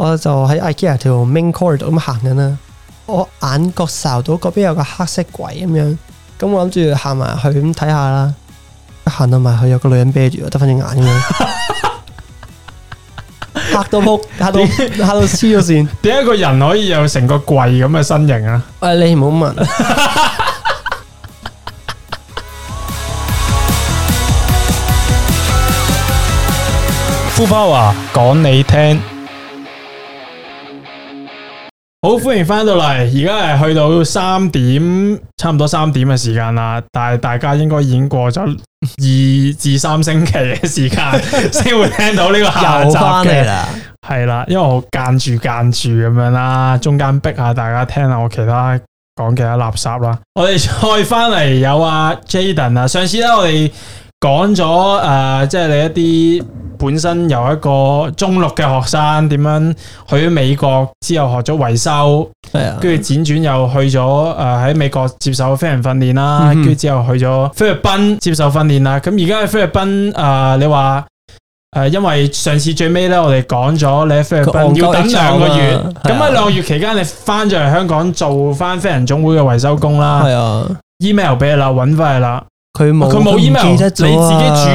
我就喺 IKEA 條 main corridor 咁行緊啦，我眼角睄到嗰邊有個黑色櫃咁樣，咁我諗住行埋去咁睇下啦。一行到埋去有個女人啤住，得翻隻眼咁樣，嚇到屋，嚇到嚇到黐咗線。點解一個人可以有成個櫃咁嘅身形啊？喂，你唔好問。呼叫話講你聽。好歡迎翻到嚟，而家係去到三點，差唔多三點嘅時間啦。但係大家應該已經過咗二至三星期嘅時間，先 會聽到呢個下集嘅，又翻嚟啦。係啦。因為我間住間住咁樣啦，中間逼下大家聽下我其他講其他垃圾啦。我哋再翻嚟有阿 Jaden 啊。上次咧，我哋。講咗誒，即係你一啲本身由一個中六嘅學生，點樣去美國之後學咗維修，跟住輾轉又去咗誒喺美國接受飛人訓練啦，跟住之後去咗菲律賓接受訓練啦。咁而家喺菲律賓誒、呃，你話誒、呃，因為上次最尾呢，我哋講咗你喺菲律賓要等兩個月，咁喺兩個月期間你翻咗嚟香港做翻飛人總會嘅維修工啦，email 俾你啦，搵翻嚟啦。佢冇，佢冇 email 得，你自己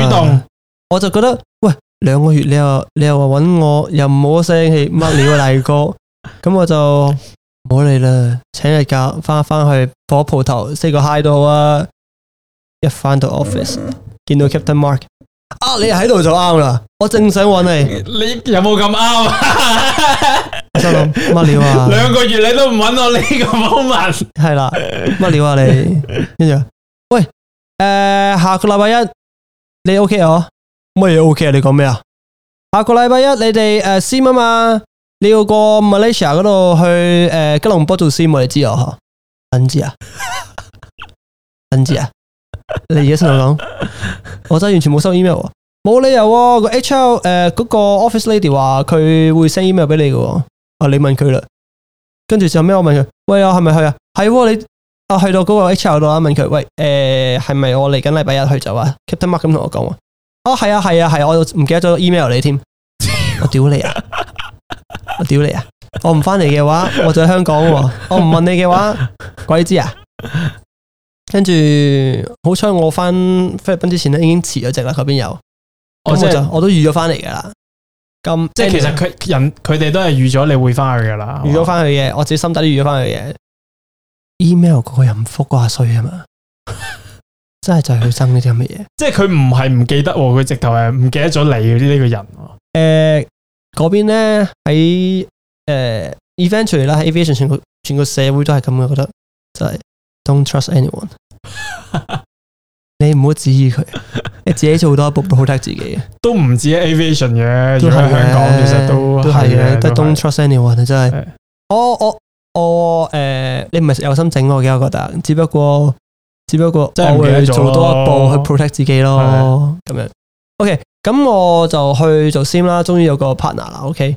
主動，啊、我就覺得，喂，兩個月你又你又話揾我，又唔好聲氣，乜料啊大哥，咁我就唔好嚟啦，請日假翻翻去火鋪頭 say 個 hi 都好啊，一翻到 office 見到 Captain Mark，啊你喺度就啱啦，我正想揾你，你，你有冇咁啱啊？我心諗乜料啊，兩個月你都唔揾我呢個 moment，係啦，乜 料啊你，跟住喂。誒、呃，下個禮拜一你 OK 哦？乜嘢 OK 啊？你講咩啊？下個禮拜一你哋誒、呃、sim 啊嘛，你要過 Malaysia 嗰度去誒、呃、吉隆坡做 sim，我哋知哦嗬？唔知、嗯嗯嗯嗯嗯嗯嗯嗯、啊，唔知啊、呃那個、啊，啊，你而家先同我講，我真係完全冇收 email，啊冇理由個 H L 誒個 office lady 話佢會 send email 俾你嘅，啊你問佢啦，跟住之後咩？我問佢，喂啊，係咪去啊？係你。我、啊、去到嗰個 HR 度啦，問佢：喂，誒、呃，係咪我嚟緊禮拜一去就啊？Keep in mind 咁同我講啊，哦，係啊，係啊，係、啊，我唔記得咗 email 你添， 我屌你啊，我屌你啊，我唔翻嚟嘅話，我就喺香港喎、啊，我唔問你嘅話，鬼知啊！跟住好彩我翻菲律賓之前咧，已經辭咗職啦，嗰邊有，我我都預咗翻嚟噶啦，咁即係其實佢人佢哋都係預咗你會翻去噶啦，預咗翻去嘅，我自己心底都預咗翻去嘅。email 嗰個人唔覆嗰下衰嘛， 真係就係佢生呢啲咁嘅嘢，即係佢唔係唔記得，佢直頭係唔記得咗你呢呢個人。誒、呃，嗰邊咧喺誒 eventually 啦，喺 aviation 全個全個社會都係咁嘅，我覺得就係、是、don't trust anyone。 你唔好指意佢，你自己做多一步 protect 自己 都在在，都唔止 aviation 嘅，香港講，其實都係嘅，但 don't trust anyone，你真係，我誒、呃，你唔係有心整我嘅，我覺得。只不過，只不過即係我會做多一步去 protect 自己咯，咁樣。OK，咁我就去做 sim 啦，終於有個 partner 啦。OK，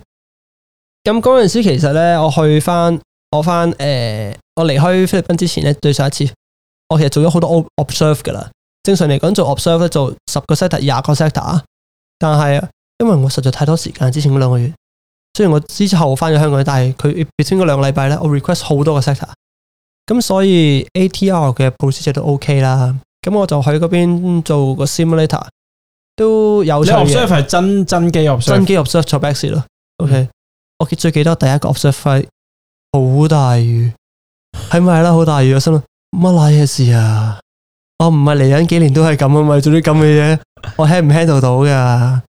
咁嗰陣時其實咧，我去翻，我翻誒、呃，我離開菲律賓之前咧，對上一次，我其實做咗好多 observe 噶啦。正常嚟講做 observe 咧，做十個 sector、廿個 sector，但係因為我實在太多時間，之前嗰兩個月。雖然我之後翻咗香港，但係佢俾咗我兩個禮拜咧，我 request 好多個 sector，咁所以 ATR 嘅波士都 OK 啦。咁我就去嗰邊做個 simulator，都有。你 observe 係真真機 observe 真機 observe 做 backs 咯。OK，我最記得第一個 observe 飛好大雨，係咪啦？好大雨，是是大雨我心諗乜瀨嘢事啊！我唔係嚟緊幾年都係咁啊，咪做啲咁嘅嘢，我 handle 唔 handle 到噶。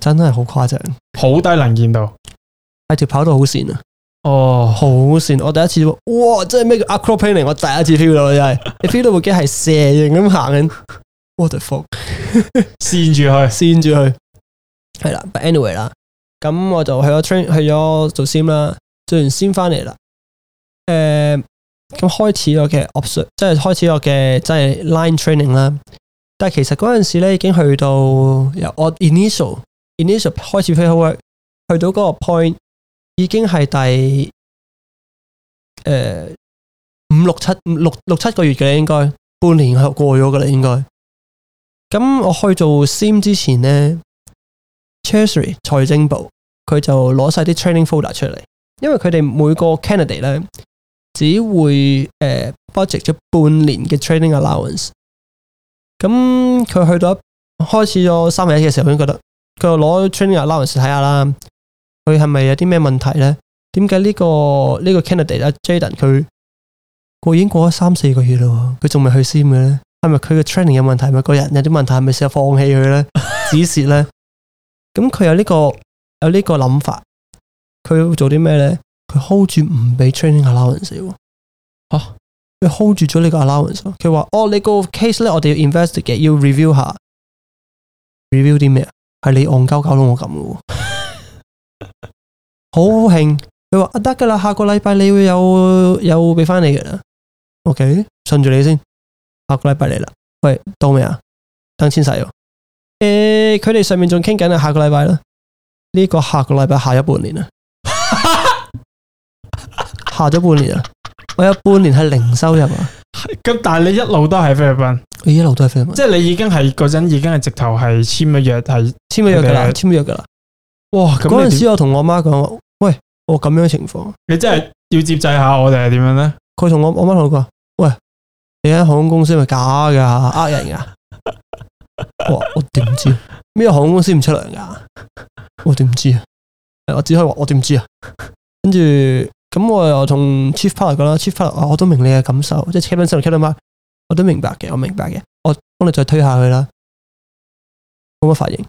真係好誇張，好低能見度，係條跑道好閃啊！哦，好閃，我第一次，哇，真係咩叫 aquaplaning 我第一次 feel 到，真係 你 feel 到部機係蛇形咁行，what the fuck，閃住去，閃 住下去，係 啦，but anyway 啦，咁我就去咗 train，去咗做 sim 啦，做完 sim 翻嚟啦，誒、呃，咁開始我嘅 ops，即係開始我嘅即係 line training 啦，但係其實嗰陣時咧已經去到由我 initial。Initial 開始飛好快，去到嗰個 point 已經係第、呃、五六七六六七個月嘅應該半年過過咗嘅啦應該。咁我去做 Sim 之前呢 Treasury 財政部佢就攞晒啲 training folder 出嚟，因為佢哋每個 candidate 咧只會誒 budget 咗半年嘅 training allowance。咁佢去到一開始咗三日一嘅時候，先覺得。佢就攞 training allowance 睇下啦，佢係咪有啲咩問題咧？點解呢個呢個 candidate 阿 Jaden 佢過已經過咗三四個月咯，佢仲未去簽嘅咧？係咪佢嘅 training 有問題？係咪個人有啲問題，係咪想放棄佢咧？指示咧？咁佢有呢個有呢個諗法，佢要做啲咩咧？佢 hold 住唔俾 training allowance。嚇！佢 hold 住咗呢個 allowance。佢話：哦，你個 case 咧，我哋要 investigate 要 review 下，review 啲咩？係你戇鳩搞到我咁嘅，好慶！佢話得噶啦，下個禮拜你會有有俾翻你嘅啦。OK，順住你先。下個禮拜嚟啦，喂到未啊？等錢使喎！欸」誒，佢哋上面仲傾緊啊，下個禮拜啦，呢、呢個下個禮拜下咗半年啊， 下咗半年啊，我有半年係零收入啊。咁但係你一路都喺菲律賓，你一路都喺菲律賓，即係你已經係嗰陣已經係直頭係簽咗約，係簽咗約噶啦，簽咗約噶啦。哇！嗰陣時我同我媽講，喂，我咁樣嘅情況，你真係要接濟下我哋係點樣咧？佢同我我媽講，喂，你間航空公司係咪假噶、啊，呃人噶、啊。哇！我點知？咩航空公司唔出糧噶？我點知啊？我只可以話我點知啊？跟住。咁我又同 Chief Power 講啦，Chief Power，我都明你嘅感受，即係 keep 翻新 keep 到乜，我都明白嘅，我明白嘅，我幫你再推下去啦，冇乜反應。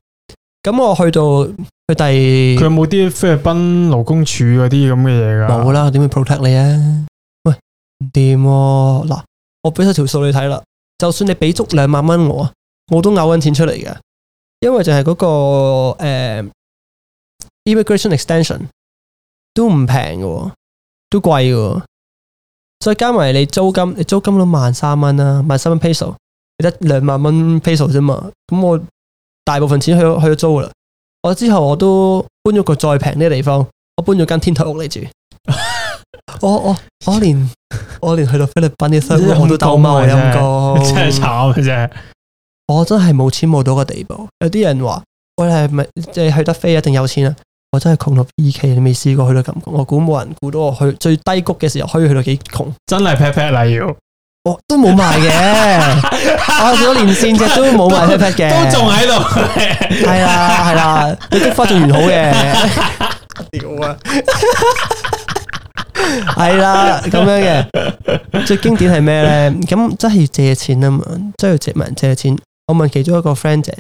咁我去到去第，佢有冇啲菲律賓勞工處嗰啲咁嘅嘢噶？冇啦，點會 protect 你啊？喂，唔掂嗱，我俾咗條數你睇啦，就算你畀足兩萬蚊我啊，我都咬緊錢出嚟嘅，因為就係嗰、那個誒、呃、，immigration extension 都唔平嘅。都貴嘅，再加埋你租金，你租金都萬三蚊啦，萬三蚊 peso，得兩萬蚊 peso 啫嘛。咁我大部分錢去去咗租啦。我之後，我都搬咗個再平啲嘅地方，我搬咗間天台屋嚟住。 我我我連我連去到菲律賓啲生活都鬥貓陰功，真係慘嘅啫。真啊真真啊、我真係冇錢冇到個地步。有啲人話：我係咪即係去得飛一定有錢啊？我真係窮到二期，你未試過去到咁窮，我估冇人估到我去最低谷嘅時候可以去到幾窮，真係劈 pat pat 嚟要，我都冇賣嘅，我連線隻都冇賣 pat pat 嘅，都仲喺度，係啦係啦，你啲花仲完好嘅，點啊？係啦咁樣嘅， 最經典係咩咧？咁真係要借錢啊嘛，真係要借問借錢，我問其中一個 friend 借。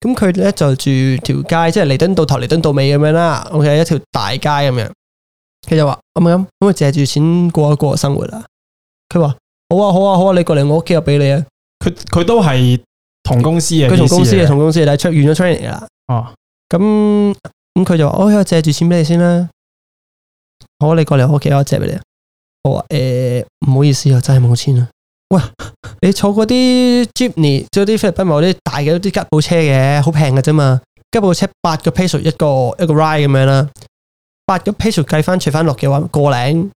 咁佢咧就住條街，就是，街，即係彌敦道頭彌敦道尾咁樣啦。我嘅一條大街咁樣，佢就話咁咪咁，咁借住錢過一過生活啦。佢話好啊好啊好啊，你過嚟我屋企又俾你啊。佢佢都係同公司嘅，佢同公司嘅，同公司嘅。你出完咗 training 啦。哦，咁咁佢就話，嗯，我依家借住錢俾你先啦。好，啊，你過嚟我屋企，我借俾你啊。我話誒唔好意思啊，真係冇錢啊。喂，你坐嗰啲吉尼，即啲菲律賓某啲大嘅啲吉普車嘅，好平嘅啫嘛。吉普車八個 peso 一個一個 ride 咁樣啦，八個 peso 計翻除翻落嘅話，過零。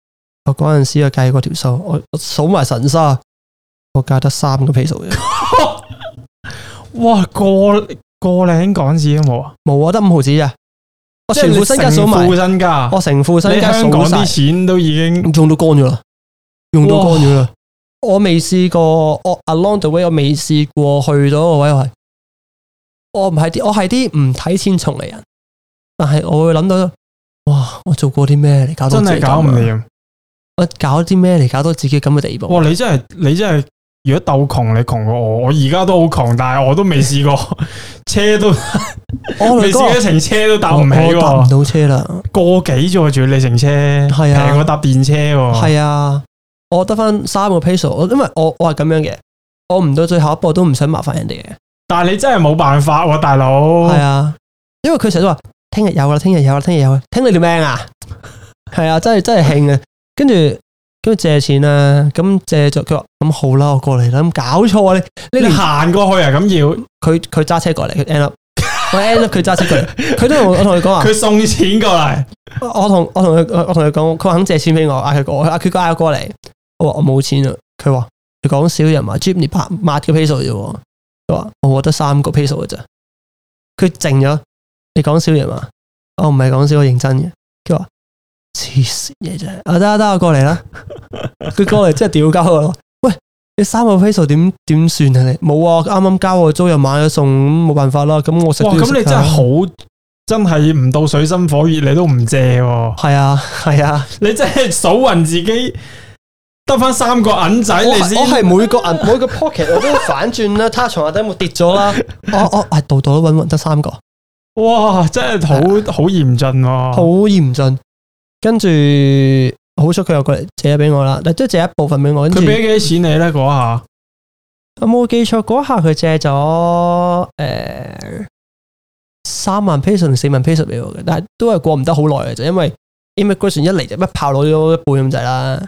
我嗰陣時我計過條數，我我數埋神沙，我計得三個 peso。 哇！過過零港紙都冇啊，冇啊，得五毫紙啊。我全副身家數埋、就係，我成副身家數。我成副身家啲錢都已經用到乾咗啦，用到乾咗啦。我未試過，我 along the way 我未試過去咗個位，我唔係啲，我係啲唔睇錢重嚟人，但係我會諗到，哇！我做過啲咩嚟搞自己、這個？到真係搞唔掂，我搞啲咩嚟搞到自己咁嘅地步？哇！你真係你真係，如果鬥窮，你窮過， 我，過我，我而家都好窮，但係我都未試過車都，未試過乘車都搭唔起，搭唔到車啦，過幾座仲要你乘車，係啊、平我搭電車係啊。我得翻三個 piece 我因為我我係咁樣嘅，我唔到最後一步都唔想麻煩人哋嘅。但係你真係冇辦法喎、啊，大佬。係啊，因為佢成日都話聽日有啦，聽日有啦，聽日有啦，聽你條命啊！係啊，真係真係慶啊！跟住跟住借錢啊，咁借咗佢話咁好啦，我過嚟啦。咁搞錯你，你行過去啊？咁要佢佢揸車過嚟，佢 end up， 我 end up，佢揸車過嚟，佢都我同佢講話，佢送錢過嚟。我同我同佢我同佢講，佢話肯借錢俾我，嗌佢過嚟，佢嗌我過嚟。我話我冇錢啊！佢話你講少人嘛？Jimmy 拍抹個 piece 嘅啫。佢話我得三個 piece 嘅啫。佢靜咗，你講少人嘛？我唔係講少，我認真嘅。佢話黐綫嘢啫。啊得得，我過嚟啦。佢過嚟真係屌交啦。喂，你三個 piece 點點算啊？你冇啊？啱啱交我租又買咗餸，冇辦法啦。咁我食、啊。哇！咁你真係好真係唔到水深火熱，你都唔借。係啊，係啊，啊，你真係數暈自己。得翻三個銀仔，我係每個銀 每個 pocket 我都反轉啦，他床下底冇跌咗啦，我我係度度都搵搵得三個，哇，真係好好嚴峻啊！好嚴峻。跟住好彩佢又過嚟借咗俾我啦、呃，但都借一部分俾我。佢俾幾多錢你咧？嗰下有冇記錯？嗰下佢借咗誒三萬 pension 四萬 pension 俾我嘅，但係都係過唔得好耐嘅，就因為 immigration 一嚟就一炮攞咗一半咁滯啦。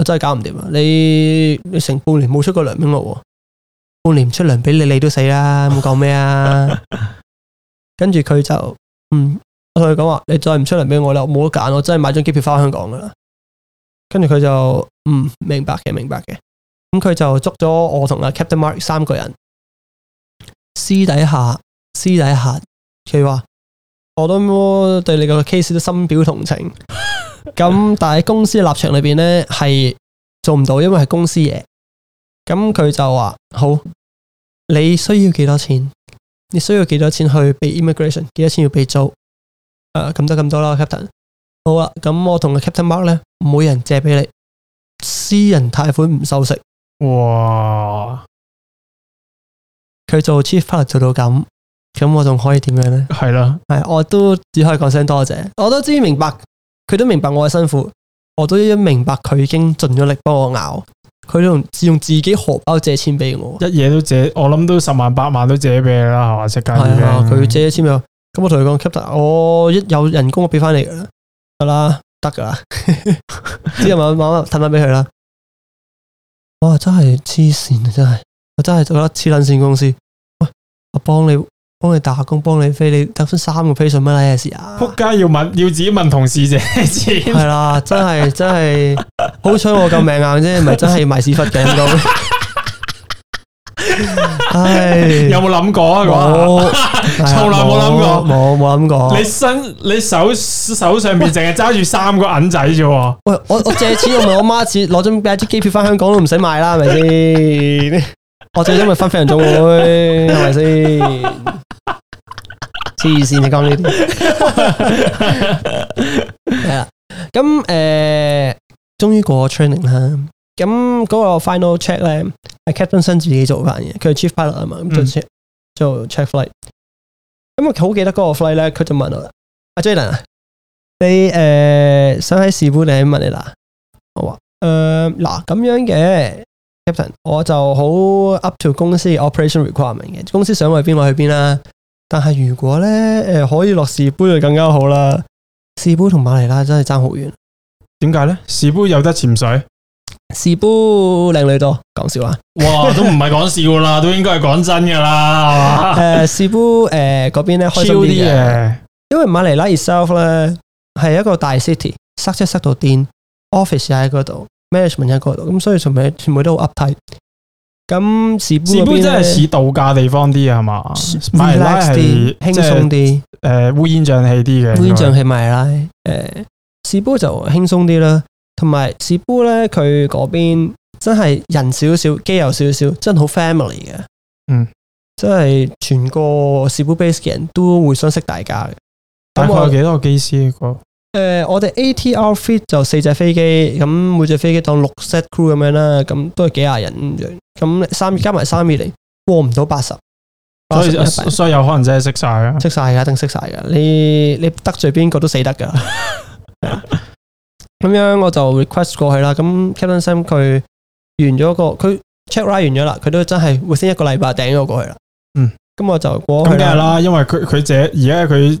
我真係搞唔掂啊！你你成半年冇出過糧俾我咯，半年唔出糧俾你，你都死啦！冇講咩啊？ 跟住佢就嗯，我同佢講話，你再唔出糧俾我啦，我冇得揀，我真係買張機票返香港噶啦。跟住佢就嗯明白嘅，明白嘅。咁佢、嗯、就捉咗我同阿 Captain Mark 三個人私底下私底下，佢話。他說我都對你個 case 都深表同情，咁但係公司嘅立場裏邊咧係做唔到，因為係公司嘢。咁佢就話：好，你需要幾多錢？你需要幾多錢去俾 immigration？幾多錢要俾租？誒、啊，咁得咁多啦，Captain。好啊，咁我同個 Captain Mark 咧，每人借俾你私人貸款唔收息。哇！佢做 Chief Pilot 做到咁。咁我仲可以點樣咧？係啦，係我都只可以講聲多謝，我都知明白佢都明白我嘅辛苦，我都已經明白佢已經盡咗力幫我咬，佢都用自己荷包借錢俾我，一嘢都借，我諗都十萬八萬都借俾你啦，係嘛？即係咁佢借錢又咁，我同佢講 keep 住，我、哦、一有人工、嗯嗯嗯嗯、呵呵 我俾翻你，得啦，得噶啦，之後慢慢慢慢攤翻俾佢啦。哇！真係黐線真係，我真係覺得黐捻線公司，我幫你。幫你打工，幫你飛，你得翻三個飛信乜嘢事啊？撲街要問，要自己問同事借。係啦，真係真係，好彩我夠命硬啫，唔係真係賣屎忽頂咁係有冇諗過啊？冇，冇 諗過，來冇諗過。你身你手手上面淨係揸住三個銀仔啫？喂，我我借錢又唔係 我媽借，攞張俾張機票翻香港都唔使買啦，係咪先？我最憎咪分飛人總會，係咪先？黐線你講呢啲，係啦。咁誒，終於過 training 啦。咁嗰個 final check 咧，係 Captain Sun 自己做嘅，佢係 Chief Pilot 啊嘛。咁就做 check flight。咁我好記得嗰個 flight 咧，佢就問我啦：阿 Jenna，你誒想喺士官定喺乜嚟啦？我話：誒，嗱咁樣嘅。我就好 up to 公司 operation requirement 嘅，公司想去邊我去邊啦。但係如果咧誒、呃、可以落士杯就更加好啦。士杯同馬尼拉真係爭好遠，點解咧？士杯有得潛水，士杯靚女多。講笑啊！哇，都唔係講笑啦， 都應該係講真嘅啦。誒、 呃，士杯誒嗰邊咧開心啲嘅， 因為馬尼拉 itself 咧係一個大 city，塞車塞到癲，office 喺嗰度。Management 一個咁，所以全部全部都好 uptight。咁士布真係似度假地方啲啊，係嘛？Malaya 輕鬆啲，誒，烏煙瘴氣啲嘅。烏煙瘴氣 Malaya，誒，士布就輕鬆啲啦。同埋士布咧，佢嗰邊真係人少少，機友少少，真係好 family 嘅。嗯，真係全個士布 base 嘅人都會相識大家。大概有幾多個機師誒、呃，我哋 ATR Fit 就四隻飛機，咁每隻飛機當六 set crew 咁樣啦，咁都係幾廿人咁三加埋三二零過唔到八十，所以所以有可能真係識晒啦，識晒啦，一定識晒噶，你你得罪邊個都死得噶。咁 樣我就 request 過去啦，咁 Kevin Sam 佢完咗個，佢 check ride 完咗啦，佢都真係會先一個禮拜頂咗過去啦。嗯，咁我就過去啦，梗係啦，因為佢佢這而家佢。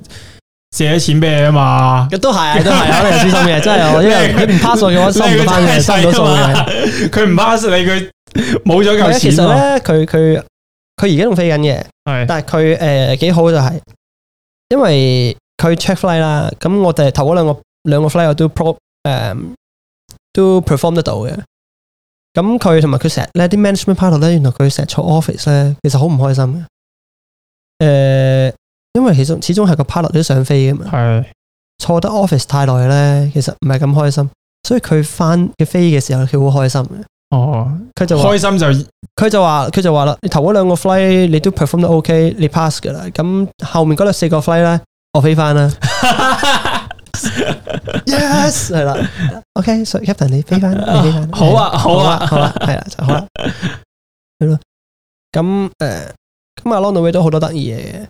借咗錢俾你啊嘛，都係，都係，我哋輸送嘅， 真係、呃就是，因為佢唔 pass 我，我收唔到翻嘅，收唔到數嘅。佢唔 pass 你佢冇咗嚿錢其實咧，佢佢佢而家仲飛緊嘅，但係佢誒幾好就係，因為佢 check flight 啦，咁我哋頭嗰兩個兩個 flight 我都 pro 誒、呃、都 perform 得到嘅。咁佢同埋佢成日啲 management partner 咧，原來佢成日坐 office 咧，其實好唔開心嘅。誒、呃。因為其實始終係個 pilot 都想飛嘅嘛的，坐得 office 太耐咧，其實唔係咁開心，所以佢翻嘅飛嘅時候，佢好開心的。哦，佢就開心就，佢就話，佢就話啦，你頭嗰兩個 fly 你都 perform 得 OK，你 pass 噶啦，咁後面嗰度四個 fly 咧，我飛翻啦。 Yes，係啦，OK，所、so、以 captain 你飛翻，你飛翻， 好，啊好，啊 好啊，好啊，好啊，係啦，就係啦，係咯。咁誒，咁 along the way 都好多得意嘢嘅。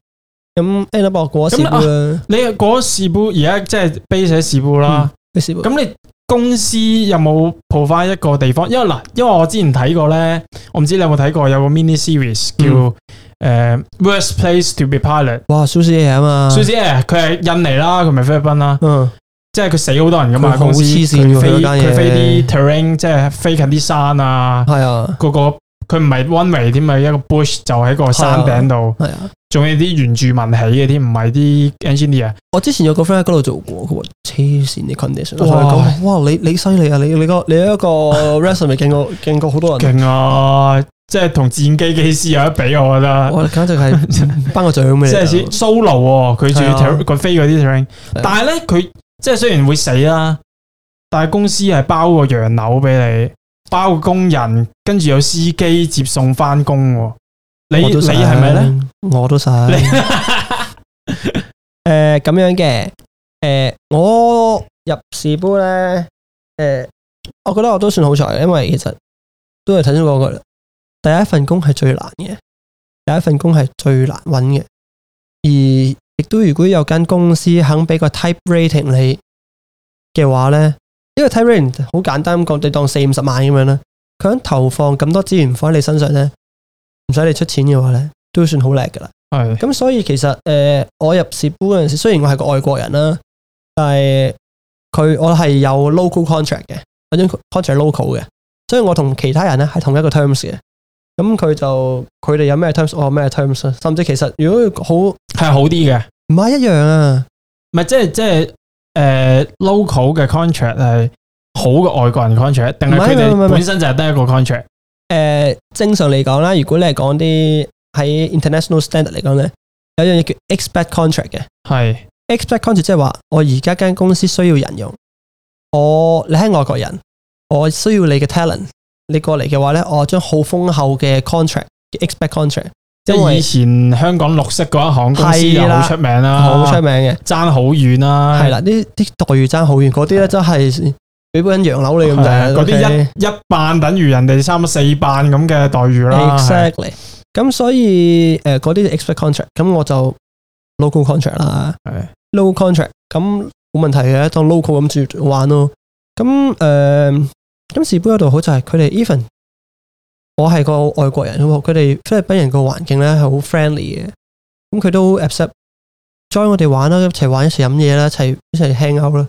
咁 Airbnb 嗰市，你嗰市鋪而家即係 basic 市鋪啦。咁、嗯嗯、你公司有冇 provide 一個地方？因為嗱，因為我之前睇過咧，我唔知你有冇睇過，有個 mini series 叫《誒、嗯呃、Worst Place to Be Pilot》。哇，Susi Air 嘛，Susi Air 佢係印尼啦，佢咪菲律賓啦，嗯，即係佢死好多人噶嘛，公司佢佢飛啲 terrain，即係飛近啲山啊，係啊，個佢唔係 one way 添嘛，一個 bush 就喺個山頂度，係啊。仲有啲原住民起嘅添，唔係啲 engineer。我之前有個 friend 喺嗰度做過，佢話，黐線啲 condition。哇，你你犀利啊！你你個你一個 racer 咪見過見過好多人？勁啊！即係同戰機機師有得比，我覺得。我簡直係頒個獎咩？即係先 solo，佢仲要佢飛嗰啲 terrain，但係咧佢即係雖然會死啦，但係公司係包個洋樓俾你，包個工人，跟住有司機接送翻工。我都死係咪咧？我都使。誒，咁、 呃、樣嘅，誒、呃，我入仕波咧，誒、呃，我覺得我都算好彩，因為其實都係睇咗嗰個第一份工係最難嘅，第一份工係最難揾嘅。而亦都如果有間公司肯俾個 type rating 你嘅話咧，呢、這個 type rating 好簡單咁講，你當四五十萬咁樣啦。佢肯投放咁多資源放喺你身上咧。唔使你出錢嘅話咧，都算好叻㗎啦。係。咁所以其實誒、呃，我入市官嗰陣時，雖然我係個外國人啦，但係佢我係有 local contract 嘅，嗰種 contract local 嘅，所以我同其他人咧係同一個 terms 嘅。咁佢就佢哋有咩 terms，我有咩 terms，甚至其實如果好係好啲嘅，唔係一樣啊。唔係即係即係誒、呃、local 嘅 contract 係好過外國人 contract，定係佢哋本身就係得一個 contract。誒，正常嚟講啦，如果你係講啲喺 international standard 嚟講咧，有一樣嘢，叫 expat contract 嘅。係 expat contract 即係話，我而家間公司需要人用，我你係外國人，我需要你嘅 talent，你過嚟嘅話咧，我將好豐厚嘅 contract 的 expat contract，即係以前香港綠色嗰一行公司又好出名啦，好出名嘅，爭好遠啦，係啦，啲待遇爭好遠，嗰啲咧真係。俾本洋樓你咁樣嗰啲一一半等於人哋三四半咁嘅待遇啦。Exactly，咁所以誒嗰啲 expect contract，咁我就 local contract 啦。係 local contract，咁冇問題嘅，當 local 咁住玩咯。咁誒，咁士砵度好就係佢哋 even，我係個外國人喎，佢哋菲律賓人個環境咧係好 friendly 嘅，咁佢都 accept，join 我哋玩啦，一齊玩一齊飲嘢啦，一齊一齊 hang out 啦。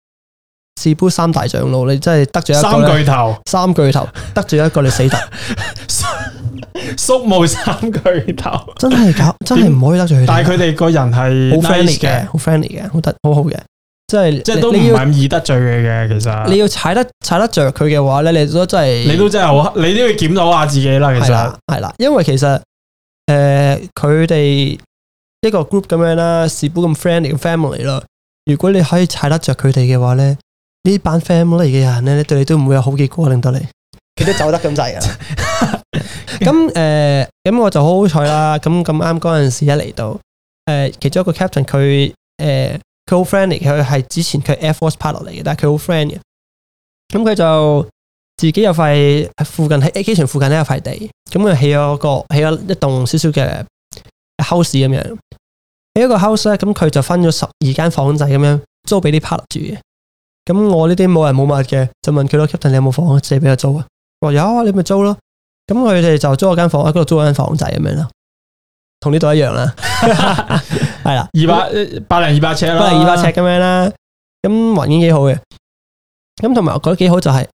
士砵三大長老，你真係得咗一個三巨頭，三巨頭得罪一個你死頭。叔 母三巨頭，真係搞，真係唔可以得罪佢。但係佢哋個人係、nice、好 friendly 嘅，好 friendly 嘅，好得好好嘅，即係即係都唔咁易得罪佢嘅。其實你要踩得踩得着佢嘅話咧，你都真係你都真係好，你都要檢討下自己啦。其實係啦，因為其實誒，佢、呃、哋一個 group 咁樣啦，士砵咁 friendly 嘅 family 啦，如果你可以踩得着佢哋嘅話咧。呢班 family 嘅人咧，咧對你都唔會有好結果，令到你佢都走得咁滯啊！咁 誒， 咁、呃、我就好好彩啦！咁咁啱嗰陣時一嚟到，誒、呃，其中一個 captain 佢誒，佢、呃、好 friendly，佢係之前佢 air force p 派落嚟嘅，但係佢好 friendly。咁佢就自己有塊附近喺機場附近咧，有塊地，咁佢起咗個起咗一棟少少嘅 house 咁樣，起咗個 house 咧，咁佢就分咗十二間房仔咁樣租俾啲 partner 住嘅。咁我呢啲冇人冇物嘅，就問佢咯。Captain，你有冇房啊？借俾我租啊？話有啊，你咪租咯。咁佢哋就租咗間房喺嗰度，租咗間房仔咁樣啦。同呢度一樣啦，係 啦， 二百百零二百尺，百零二百尺咁樣啦。咁環境幾好嘅。咁同埋我覺得幾好就係、是，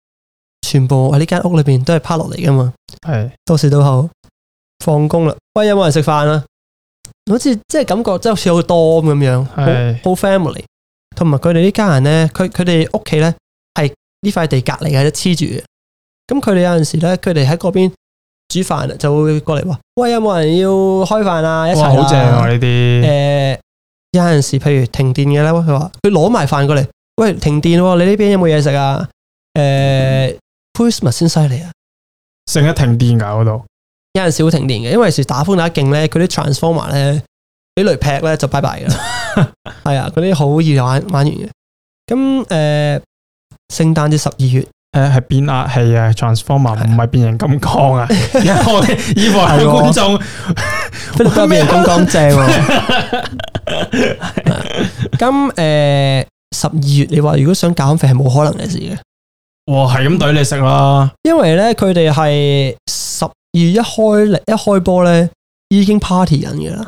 全部喺呢間屋裏邊都係趴落嚟噶嘛。係。到時都好，放工啦，喂有冇人食飯啊？好似即係感覺即係好似好多咁樣，好 family。同埋佢哋呢家人咧，佢佢哋屋企咧係呢塊地隔籬嘅，黐住嘅。咁佢哋有陣時咧，佢哋喺嗰邊煮飯，就會過嚟話：喂，有冇人要開飯啊？一齊好正啊！呢啲誒，有陣時譬如停電嘅咧，佢話佢攞埋飯過嚟，喂，停電，你呢邊有冇嘢食啊？誒，Pushma 先犀利啊！成日停電噶嗰度，有陣時會停電嘅，因為有時打風打勁咧，佢啲 transformer 咧。俾雷劈咧就拜拜啦，係 啊，嗰啲好易玩玩完嘅。咁誒，聖誕節十二月誒係變壓器啊，Transformer 唔係變形金剛 啊，我哋以為觀眾都變金剛正，啊。咁誒十二月，你話如果想減肥係冇可能嘅事嘅，哇、呃，係咁懟你食啦。 因為咧，佢哋係十二月一開一開波咧，已經 party 緊嘅啦。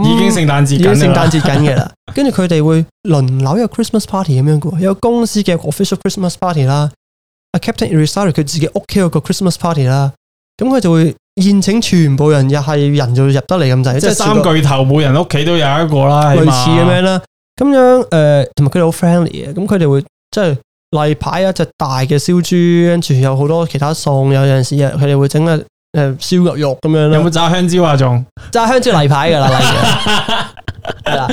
已經聖誕節，已經聖誕節緊嘅啦。跟住佢哋會輪流有 Christmas party 咁樣嘅，有公司嘅 official Christmas party 啦，阿 Captain r e t i r e 佢自己屋企有個 Christmas party 啦。咁佢就會宴請全部人，又係人就入得嚟咁滯。即係三巨頭，每人屋企都有一個啦，類似咁樣啦。咁樣誒，同埋佢哋好 friendly 嘅。咁佢哋會即係例牌一隻大嘅燒豬，跟住有好多其他餸。有陣時啊，佢哋會整啊～誒，燒牛肉咁樣咯。有冇炸香蕉啊？仲炸香蕉例牌噶啦，係 啦。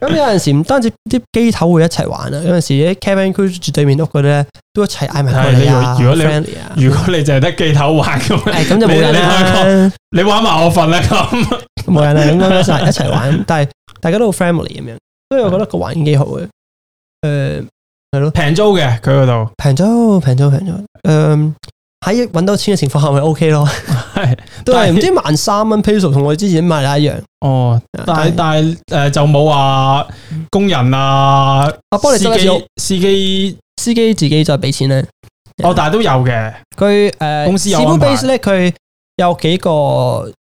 咁有陣時唔單止啲機頭會一齊玩啊，有 陣時 cabin 區住對面屋嗰啲咧都一齊嗌埋。係如果你，如果你淨係得機頭玩咁，係咁就冇人啦、啊。你玩埋我份啊，咁冇人啊，咁一齊玩。 但係大家都好 family 咁樣，所以我覺得個環境幾好嘅。誒，係咯，平租嘅佢嗰度平租平租平租,平租。嗯。喺搵到錢嘅情況下，咪 OK 咯。係，都係唔知萬三蚊 peso 同我之前買一樣。哦，但係但係誒、呃，就冇話、啊、工人啊，阿、啊、司機司機司機自己再俾錢咧。哦，但係都有嘅。佢誒、啊，公司有司 base 咧，佢有幾個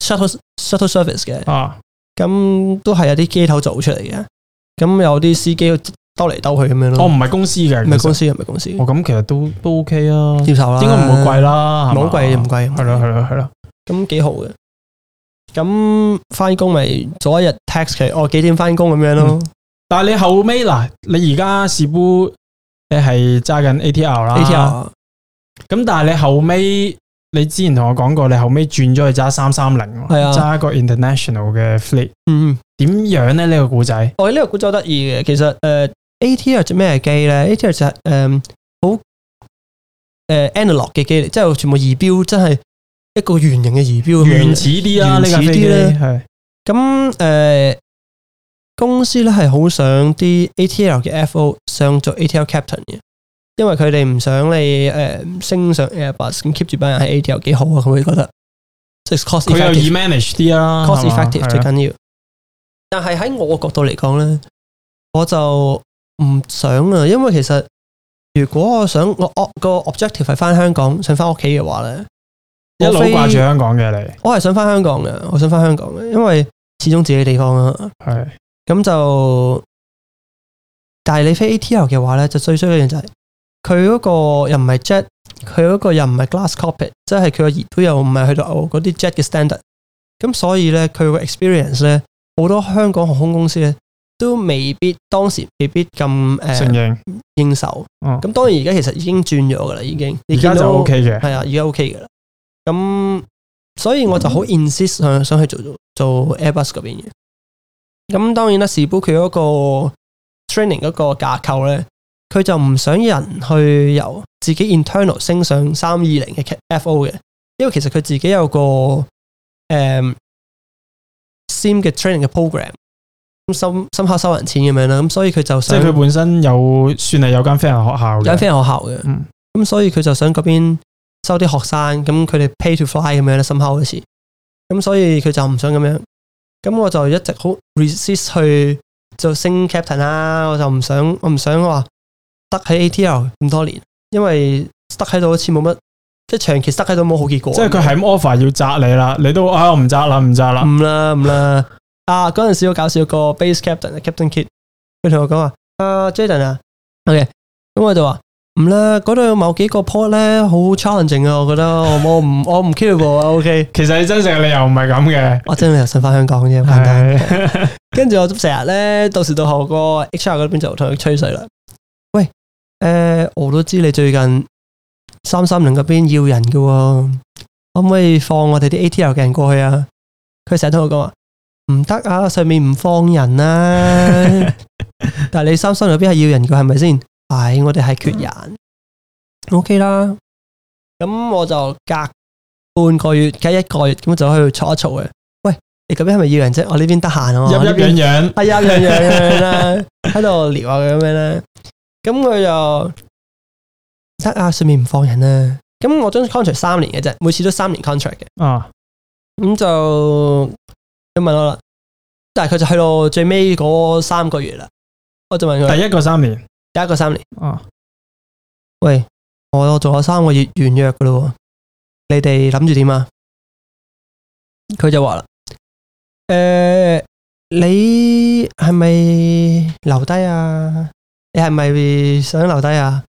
shuttle shuttle service 嘅。啊，咁都係有啲機頭做出嚟嘅。咁有啲司機。兜嚟兜去咁樣咯。我唔係公司嘅，唔係公司，唔係公司。我、哦、咁其實都都 OK 啊，接受啦，應該唔會貴啦，唔好貴唔貴。係啦係啦係啦，咁幾好嘅。咁翻工咪早一日 text 佢，哦，幾點翻工咁樣咯。嗯、但係你後尾嗱，你而家是不你係揸緊 ATR 啦，ATR。咁但係你後尾，你之前同我講過，你後尾轉咗去揸三三零，揸一個 international 嘅 flip。嗯，點樣咧？呢、這個故仔？我、哦、呢、這個故仔得意嘅，其實誒。呃 A T L 做咩機咧？A T L 就誒好誒 analog 嘅機，即係全部儀表真係一個圓形嘅儀表，原始啲啊，原始啲咧係。咁誒、呃、公司咧係好想啲 A T L 嘅 F O 上做 A T L captain 嘅，因為佢哋唔想你誒、呃、升上 Airbus 咁 keep 住班人喺 A T L 幾好啊？咁佢覺得？佢又易 manage 啲啦、啊、cost effective 最緊要。但係喺我角度嚟講咧，我就。唔想啊，因為其實如果我想我個 objective 係翻香港，想翻屋企嘅話咧，一路掛住香港嘅你，我係想翻香港嘅，我想翻香港嘅，因為始終自己的地方啦、啊。係咁就，但係你飛 ATL 嘅話咧，就最衰嘅嘢就係佢嗰個又唔係 jet，佢嗰個又唔係 glass cockpit，即係佢個熱都又唔係去到嗰啲 jet 嘅 standard。咁所以咧，佢會 experience 咧，好多香港航空公司咧。都未必當時未必咁誒、呃、應手咁、嗯、當然而家其實已經轉咗噶啦，已經而家就 OK 嘅，係啊，而家 OK 嘅啦。咁所以我就好 insist 想,想去做做 Airbus 嗰邊嘅。咁當然啦，試 book 佢嗰個 training 嗰個架構咧，佢就唔想人去由自己 internal 升上三二零嘅 FO 嘅，因為其實佢自己有個誒、呃、sim 嘅 training 嘅 program。深深刻收人錢咁樣啦，咁所以佢就想即係佢本身有算係有間飛行學校的，有間飛行學校嘅，咁、嗯、所以佢就想嗰邊收啲學生，咁佢哋 pay to fly 咁樣啦，深刻一次，咁所以佢就唔想咁樣，咁我就一直好 resist 去做升 captain 啦、啊，我就唔想，我唔想話，得喺 ATL 咁多年，因為得喺度好似冇乜，即係長期得喺度冇好結果，即係佢係 offer 要砸你啦，你都啊我唔砸啦，唔砸啦，唔啦唔啦。 啊！嗰陣時好搞笑一個 base captain Captain Kit，佢同我講話、uh, 啊，Jaden 啊，OK，咁我就話唔啦，嗰度某幾個 point 咧好 challenging 啊，我覺得我唔我唔 capable 啊，OK。其實你真實嘅理由唔係咁嘅，我真係又想翻香港啫，跟住 我成日咧，到時到後個 HR 嗰邊就同佢吹水啦。 喂，誒、呃，我都知道你最近三三零嗰邊要人嘅喎，可唔可以放我哋啲 ATL 嘅人過去啊？佢成日同我講話。唔得啊！上面唔放人啊！ 但係你三信嗰邊係要人嘅，係咪先？唉、哎，我哋係缺人，O K 啦。咁、嗯、我就隔半個月，隔一個月，咁就去嘈一嘈嘅。喂，你嗰邊係咪要人啫？我呢邊得閒啊，入 入樣，樣樣，係 啊樣樣樣啦，喺度聊下咁樣咧。咁佢就得啊！上面唔放人啊！咁我張 contract 三年嘅啫，每次都三年 contract 嘅啊。咁就。佢問我啦，但係佢就去到最尾嗰三個月啦，我就問佢：第一個三年，第一個三年。哦、喂，我仲有三個月完約噶咯，你哋諗住點啊？佢就話啦，誒、欸，你係咪留低啊？你係咪想留低啊？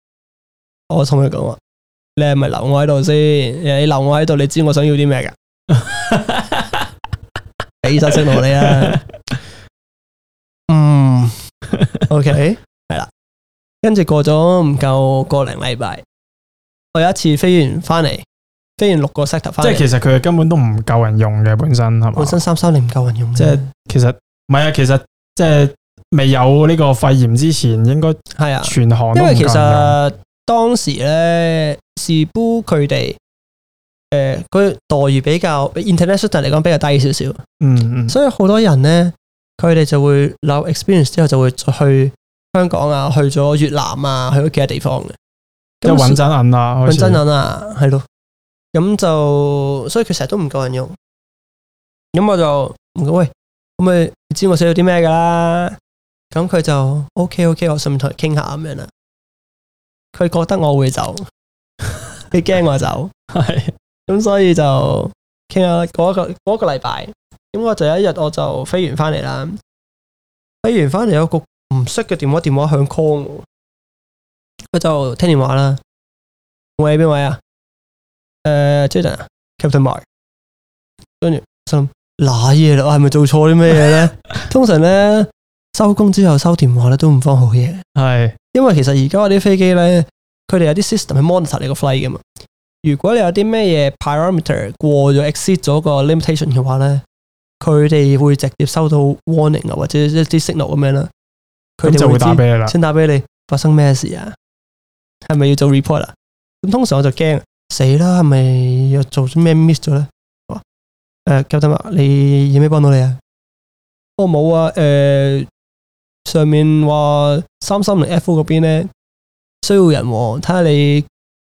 我同佢講話，你係咪留我喺度先？你留我喺度，你知我想要啲咩噶？ 醫生升我你啊，嗯 ，OK，係啦，跟住過咗唔夠個零禮拜，我有一次飛完翻嚟，飛完六個 sector 翻嚟。即係其實佢根本都唔夠人用嘅，本身係嘛？本身三三零唔夠人用。即係其實唔係啊，其實即係未有呢個肺炎之前，應該係啊，全行因為其實當時咧，是不佢哋。誒、呃，佢、那個、待遇比較，比 international 嚟講比較低少少。嗯嗯。所以好多人咧，佢哋就會留 experience 之後，就會去香港啊，去咗越南啊，去咗其他地方嘅。即搵真銀啊，搵真銀啊，係咯。咁就所以佢成日都唔夠人用。咁我就喂，可唔可以知我寫咗啲咩㗎啦？咁佢就 OK OK，我順便同佢傾下咁樣啦。佢覺得我會走，佢 驚我走， 咁所以就傾下嗰個嗰、嗰個禮拜，咁我就有一日我就飛完翻嚟啦，飛完翻嚟有個唔識嘅電話電話響 call 我，就聽電話啦。喂，邊位啊？誒，Jason，Captain Mike 跟住諗哪嘢啦？我係咪做錯啲咩嘢咧？ 通常咧收工之後收電話咧都唔方好嘢。係，因為其實而家我啲飛機咧，佢哋有啲 system 去 monitor 你個 flight 噶嘛。如果你有啲咩嘢 parameter 過咗 exceed 咗個 limitation 嘅話咧，佢哋會直接收到 warning 啊，或者一啲 signal 咁樣啦。佢哋就會打俾你啦，先打俾你，發生咩事啊？係咪要做 report 啦，啊？咁通常我就驚死啦，係咪又做咗咩 miss 咗咧？誒、呃，搞掂啦，你有咩幫到你啊？我、哦、冇啊，誒、呃，上面話三三零 F 嗰邊咧需要人，睇下你。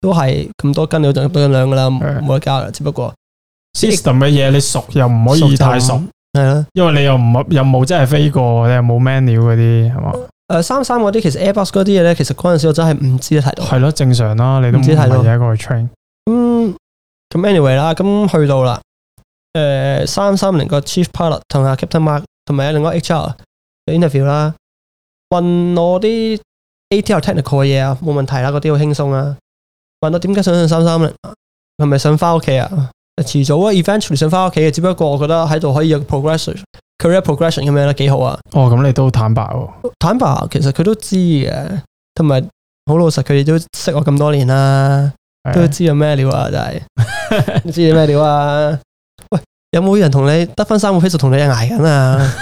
都係咁多斤料就咁樣量噶啦，冇得加啦。只不過 system 嘅嘢你熟又唔可以太熟，係啦、就是，因為你又唔有冇真係飛過，嗯、你又冇 man u 嗰啲係嘛？誒，三三嗰啲其實 Airbus 嗰啲嘢咧，其實嗰陣時我真係唔知睇到。係咯，正常啦，你都唔知睇到，而一個 train、嗯。咁 anyway 啦，咁去到啦，誒、呃，三三零個 chief pilot 同阿 captain Mark 同埋另一個 HR interview 啦，問我啲 ATL technical 嘅嘢啊，冇問題啦，嗰啲好輕鬆啊。問到點解想上三三咧？係咪想翻屋企啊？遲早啊，eventually 想翻屋企嘅。只不過我覺得喺度可以有 progression career progression 咁樣咧，幾好啊！哦，咁你都好坦白喎、哦？坦白，其實佢都知嘅，同埋好老實，佢哋都識我咁多年啦，都知有咩料啊！真係， 知咩料啊？喂，有冇人同你得翻三個 face 同你挨緊啊？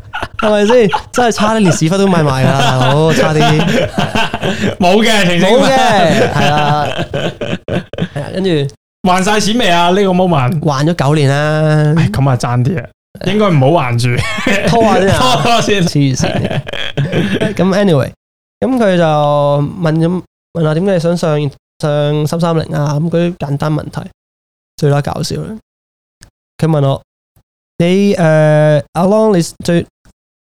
係咪先？真係差啲，連屎忽都買埋啦！好差啲，冇嘅，冇嘅，係啦。跟住還晒錢未啊？呢個 moment，還咗九年啦。咁啊，爭啲啊，應該唔好還住，拖下先，拖下先。黐線。咁，anyway，咁佢就問咗，問下點解你想上上三三零啊？咁嗰啲簡單問題，最啦搞笑啦。佢問我，你誒，阿 long 你最？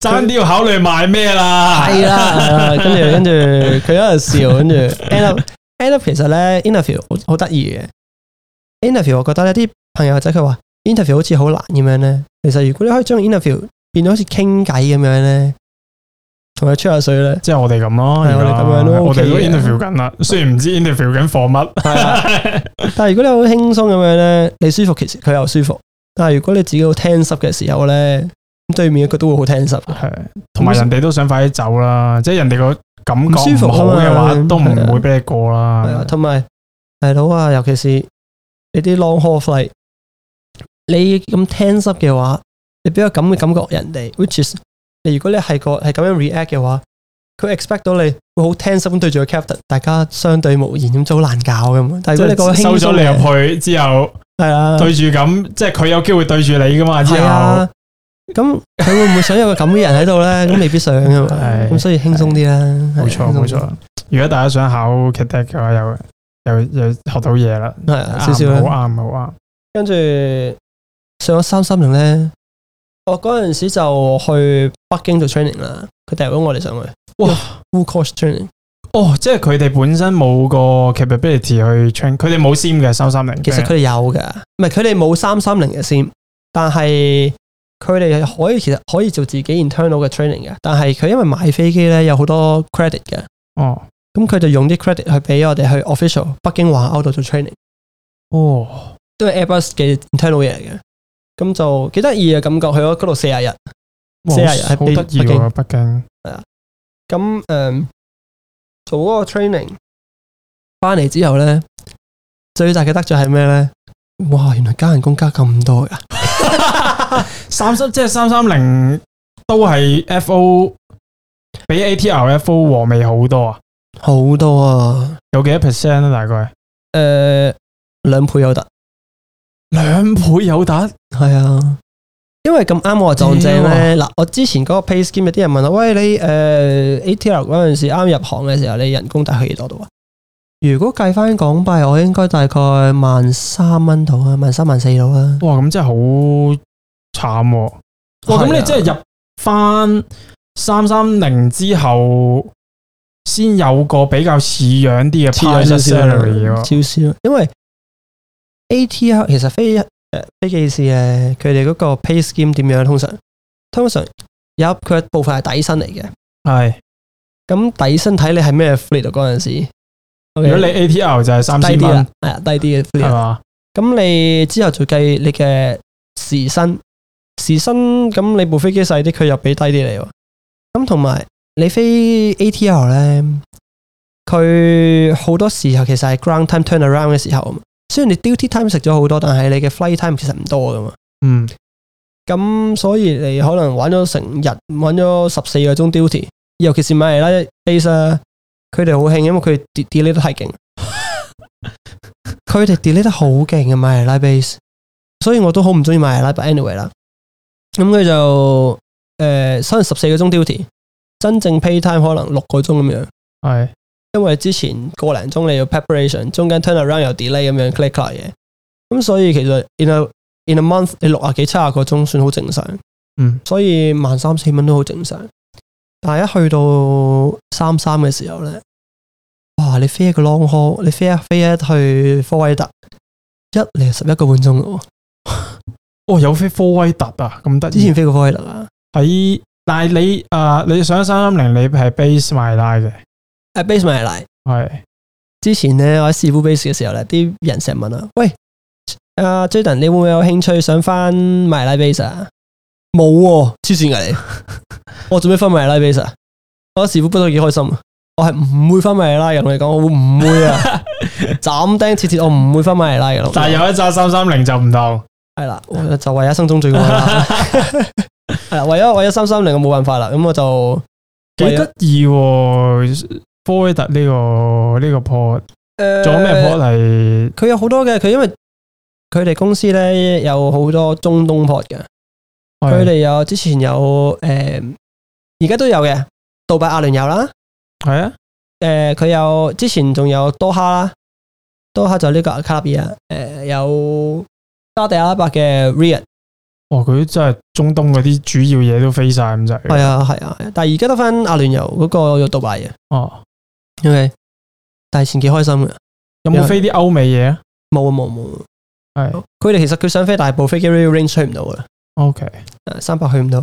爭啲要考慮買咩啦，係啦， 跟住跟住佢喺度笑，跟住 a n d r e n d r e 其實咧，interview 好得意嘅，interview 我覺得咧，啲朋友仔，佢話 interview 好似好難咁樣咧，其實如果你可以將 interview 變到好似傾偈咁樣咧，同佢吹下水咧，即係我哋咁咯，係嘛對，在我哋都 interview 緊啦，雖然唔知 interview 緊貨乜，但係如果你好輕鬆咁樣咧，你舒服，其實佢又舒服，但係如果你自己好聽濕嘅時候咧。對面一個都會好 tense 係同埋人哋都想快啲走啦，即係人哋個感覺唔舒服嘅、啊、話，都唔會俾你過啦。係啊，同埋大佬啊,啊，尤其是你啲 long haul flight，你咁 tense 嘅話，你比較咁嘅感覺人，人哋 which is，你如果你係個係咁樣 react 嘅話，佢 expect 到你會好 tense 咁對住個 captain，大家相對無言咁好難搞咁。但係如果你輕、就是、收咗你入去之後，係啊，對住咁，即係佢有機會對住你噶嘛，之後。咁佢會唔會想有個咁嘅人喺度咧？咁 未必想啊，咁所以輕鬆啲啦。冇錯冇錯，如果大家想考 c a 嘅話，又又又學到嘢啦，係少少。好啱好啱。跟住上咗三三零咧，我嗰陣時就去北京做 training 啦。佢掟咗我哋上去，哇，course training 哦，即係佢哋本身冇個 capability 去 train，佢哋冇 SIM 嘅三三零。330，其實佢哋有嘅，唔係佢哋冇三三零嘅簽，SIM，但係。佢哋可以其實可以做自己 internal 嘅 training 嘅，但係佢因為買飛機咧有好多 credit 嘅，哦，咁佢就用啲 credit 去俾我哋去 official 北京華歐度做 training，哦，都係 Airbus 嘅 internal 嘢嚟嘅，咁就幾得意嘅感覺，去咗嗰度四廿日，四廿日得意嘅。北京係啊，咁誒、嗯、做嗰個 training 翻嚟之後咧，最大嘅得着係咩咧？哇，原來加人工加咁多噶。 三十即係，三三零都係 F.O. 比 A.T.R.F.O. 和味好多啊，好多啊，有幾多 percent 啊？大概，誒、呃、兩倍有得，兩倍有得，係啊，因為咁啱我撞正咧。嗱，我之前嗰個 Pace Game 有啲人問我，喂，你誒、呃、A.T.R. 嗰陣時啱入行嘅時候，你人工大概幾多度啊？如果計翻港幣，我應該大概萬三蚊度啊，萬三萬四到啊！哇，咁真係好～慘喎、啊！咁、哦、你即係入翻三三零之後，先有個比較似樣啲嘅 p a r 因為 A T R 其實飛誒，飛機士誒，佢哋嗰個 pay scheme 點樣？通常，通常有佢嘅部分係底薪嚟嘅。係、啊。咁底薪睇你係咩 fleet 嗰陣時，如果你 A T R 就係三千蚊，係低啲嘅 fleet 嘛。咁你之後再計你嘅時薪。.時薪，咁你部飛機細啲，佢又俾低啲你。咁同埋你飛 A T L 咧，佢好多時候其實係 ground time turn around 嘅時候啊。雖然你 duty time 食咗好多，但係你嘅 flight time 其實唔多噶嘛。嗯。咁所以你可能玩咗成日，玩咗十四個鐘 duty，尤其是馬尼拉 base，佢哋好興，因為佢哋 delay 得太勁。佢哋 delay 得好勁嘅馬尼拉 base，所以我都好唔中意馬尼拉，但 anyway 啦。咁佢就誒，可能十四個鐘 duty，真正 pay time 可能六個鐘咁樣。係，因為之前個零鐘你要 preparation，中間 turn around 又 delay 咁樣 click click 嘢，咁所以其實 in a, in a month 你六十幾七十個鐘算好正常。嗯，所以萬三四蚊都好正常。但係一去到三三嘅時候咧，哇！你飛一個 long haul，你飛一飛一去科威特，一嚟十一個半鐘喎。哦，有飛科威特啊，咁得之前飛過科威特啊？喺但係你誒、呃，你上三三零，你係 base my 拉嘅。誒、uh,，base my 拉係。之前咧，我喺師傅 base 嘅時候咧，啲人成日問啊，喂，阿、啊、Jaden 你會唔會有興趣想翻 my 拉 base 啊？冇、啊，黐線嘅， 我做咩分埋拉 base 啊？我喺師傅不都幾開心啊。我係唔會分埋拉嘅，同你講，我唔會啊。斬 釘截鐵，我唔會分埋 my 拉嘅。但係有一扎三三零就唔同。係啦，就為一生中最愛啦。係 啦，為咗為咗三三零，我冇辦法啦。咁我就幾得意，Fort 呢個呢、這個 pod, pod、呃。誒，仲有咩 pod 嚟？佢有好多嘅，佢因為佢哋公司咧有好多中東 pod 嘅，佢哋有之前有誒，而、呃、家都有嘅，杜拜阿聯、呃、有啦，係啊，誒，佢有之前仲有多哈啦，多哈就呢個阿卡比亞，誒、呃、有。沙地阿拉伯嘅 Riyadh 哦，佢真係中東嗰啲主要嘢都飛晒咁滯。係啊係啊，但係而家得翻阿聯酋嗰個有迪拜嘅哦，o、okay, k 但係前幾開心嘅有冇飛啲歐美嘢啊？冇啊冇冇，係佢哋其實佢想飛大部飛機嘅 range 吹唔到嘅，OK，三百去唔到。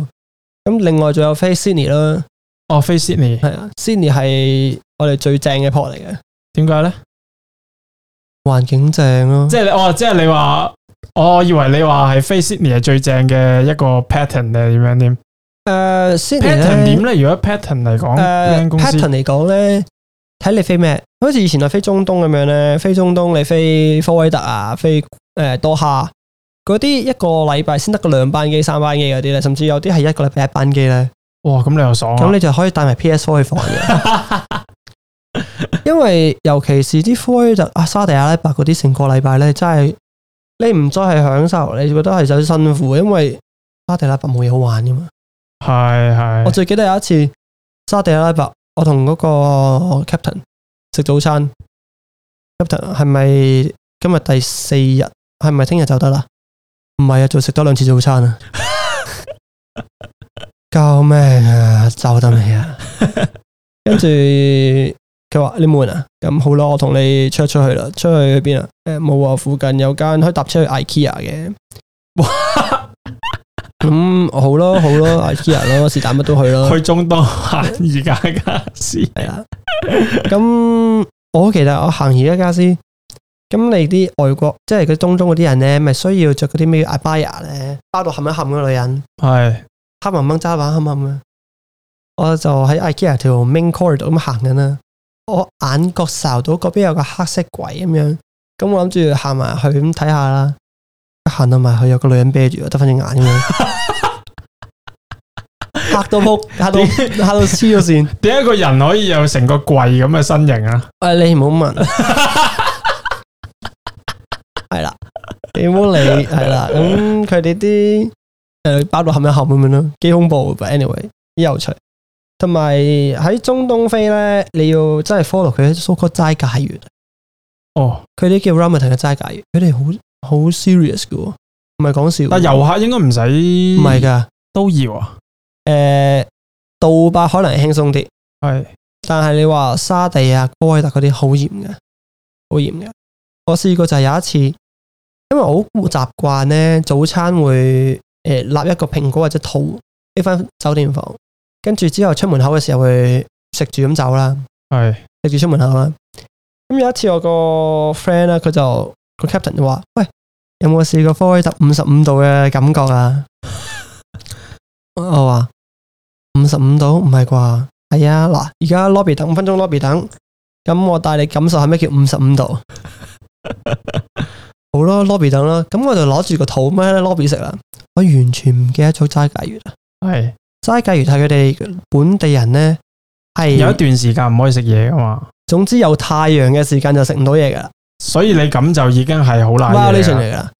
咁另外仲有飛 Sydney 啦，哦，飛 Sydney 係啊，Sydney 係我哋最正嘅鋪嚟嘅，點解咧？環境正咯、啊，即係我、哦、即係你話。我、哦、以為你話係飛 Sydney 最正嘅一個 pattern 咧，點樣點？誒 Sydney 點咧？如果 pattern 嚟講，pattern 嚟講咧，睇、呃、你飛咩？好似以前啊，飛中東咁樣咧，飛中東你飛科威特啊，飛誒、呃、多哈嗰啲，一個禮拜先得個兩班機、三班機嗰啲咧，甚至有啲係一個禮拜一班機咧。哇！咁你又爽，咁你就可以帶埋 PS Four 去放嘅。 因為尤其是啲科威特、r、啊、阿沙地阿拉伯嗰啲，成個禮拜咧，真係～你唔再係享受，你覺得係有啲辛苦，因為沙地拉伯冇嘢好玩噶嘛。係係，我最記得有一次沙地拉伯，我同嗰個 captain 食早餐。captain，係咪今日第四日？係咪聽日就得啦？唔係啊，仲食多兩次早餐啊！搞 咩 啊，就得你啊？ 跟住。佢話你悶啊？咁好咯，我同你出出去啦。出去去邊啊？誒，冇啊，附近有間可以搭車去 IKEA 嘅。咁好咯，好咯，IKEA 咯，是但乜都去咯。去中東行宜家傢俬。係啊。咁我其實我行宜家傢俬。咁你啲外國即係佢中東嗰啲人咧，咪需要着嗰啲咩阿巴亞咧？包到冚一冚嗰個女人係黑蒙蒙，揸把冚冚嘅。我就喺 IKEA 條 main corridor 咁行緊啦。我眼角睄到嗰邊有個黑色鬼咁樣，咁我諗住行埋去咁睇下啦。行到埋去有個女人啤住，得翻隻眼咁。吓 到仆，吓到吓到黐咗線。點解個人可以有成個鬼咁嘅身形啊？喂， 你唔好問。係啦，你唔好理。係啦，咁佢哋啲誒包到後尾後尾咪咯，幾恐怖。anyway，幾有趣。同埋喺中東飛咧，你要真係 follow 佢啲所謂齋戒員哦，佢啲叫 Ramadan 嘅齋戒員，佢哋好好 serious 嘅，唔係講笑。但遊客應該唔使，唔係噶都要啊。誒、呃，杜拜可能係輕鬆啲，係，但係你話沙地啊、科威特嗰啲好嚴嘅，好嚴嘅。我試過就係有一次，因為我好習慣咧，早餐會誒立、呃、一個蘋果或者桃，搦翻酒店房。跟住之後出門口嘅時候，會食住咁走啦。係食住出門口啦。咁、嗯、有一次我的，我個 friend 咧，佢就個 captain 就話，喂，有冇試過科威特五十五度嘅感覺啊？ 我話五十五度唔係啩？係啊，嗱，而家 lobby 等五分鐘，lobby 等。咁我帶你感受係咩叫五十五度？ 好咯，lobby 等啦。咁我就攞住個肚咪喺 lobby 食啦。我完全唔記得做齋解完啦。係。所以，假如睇佢哋本地人咧，係有一段時間唔可以食嘢噶嘛。總之有太陽嘅時間就食唔到嘢噶啦。所以你咁就已經係好難。哇，呢樣嚟噶。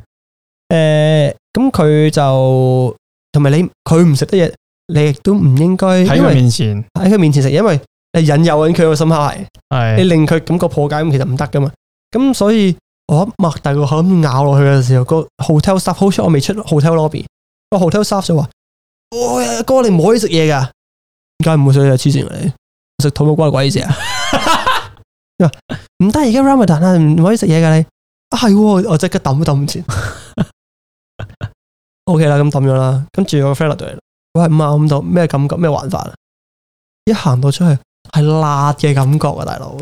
誒，咁佢就同埋你，佢唔食得嘢，你亦都唔應該喺佢面前喺佢面前食，因為你引誘緊佢個心下係，你令佢感覺破解咁，其實唔得噶嘛。咁所以我擘大個口咁咬落去嘅時候，個 hotel staff 好彩我未出 hotel lobby，個 hotel staff 就話。我哥，哥你唔可以食嘢噶，而家唔可以食嘢，黐線你食土木瓜鬼事啊！唔 得，而家 Ramadan 啊，唔可以食嘢噶你。啊、哎、係，我即刻抌都抌唔切。 OK 啦，咁抌咗啦。跟住個 fellow 嚟，喂五啊五度咩感覺咩玩法啊？一行到出去係辣嘅感覺啊，大佬五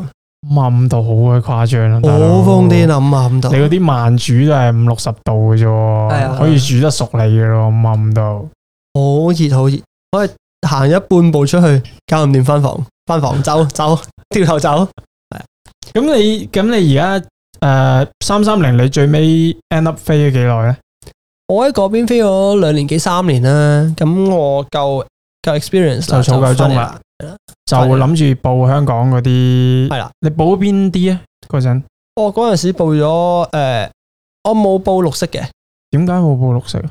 啊五度好鬼誇張啊，好瘋癲啊五啊五度，你嗰啲慢煮都係五六十度嘅啫、哎，可以煮得熟你嘅咯五啊五度。媽媽媽好熱好熱，我行一半步出去，搞唔掂返房，翻房走走，掉頭走。咁 你咁你而家誒三三零，uh, 330, 你最尾 end up 飛咗幾耐咧？我喺嗰邊飛咗兩年幾三年啦，咁我夠夠 experience 就儲夠鐘啦，就諗住報香港嗰啲係啦。你報邊啲啊？嗰陣我嗰陣時報咗誒，我冇報、呃、報綠色嘅。點解冇報綠色啊？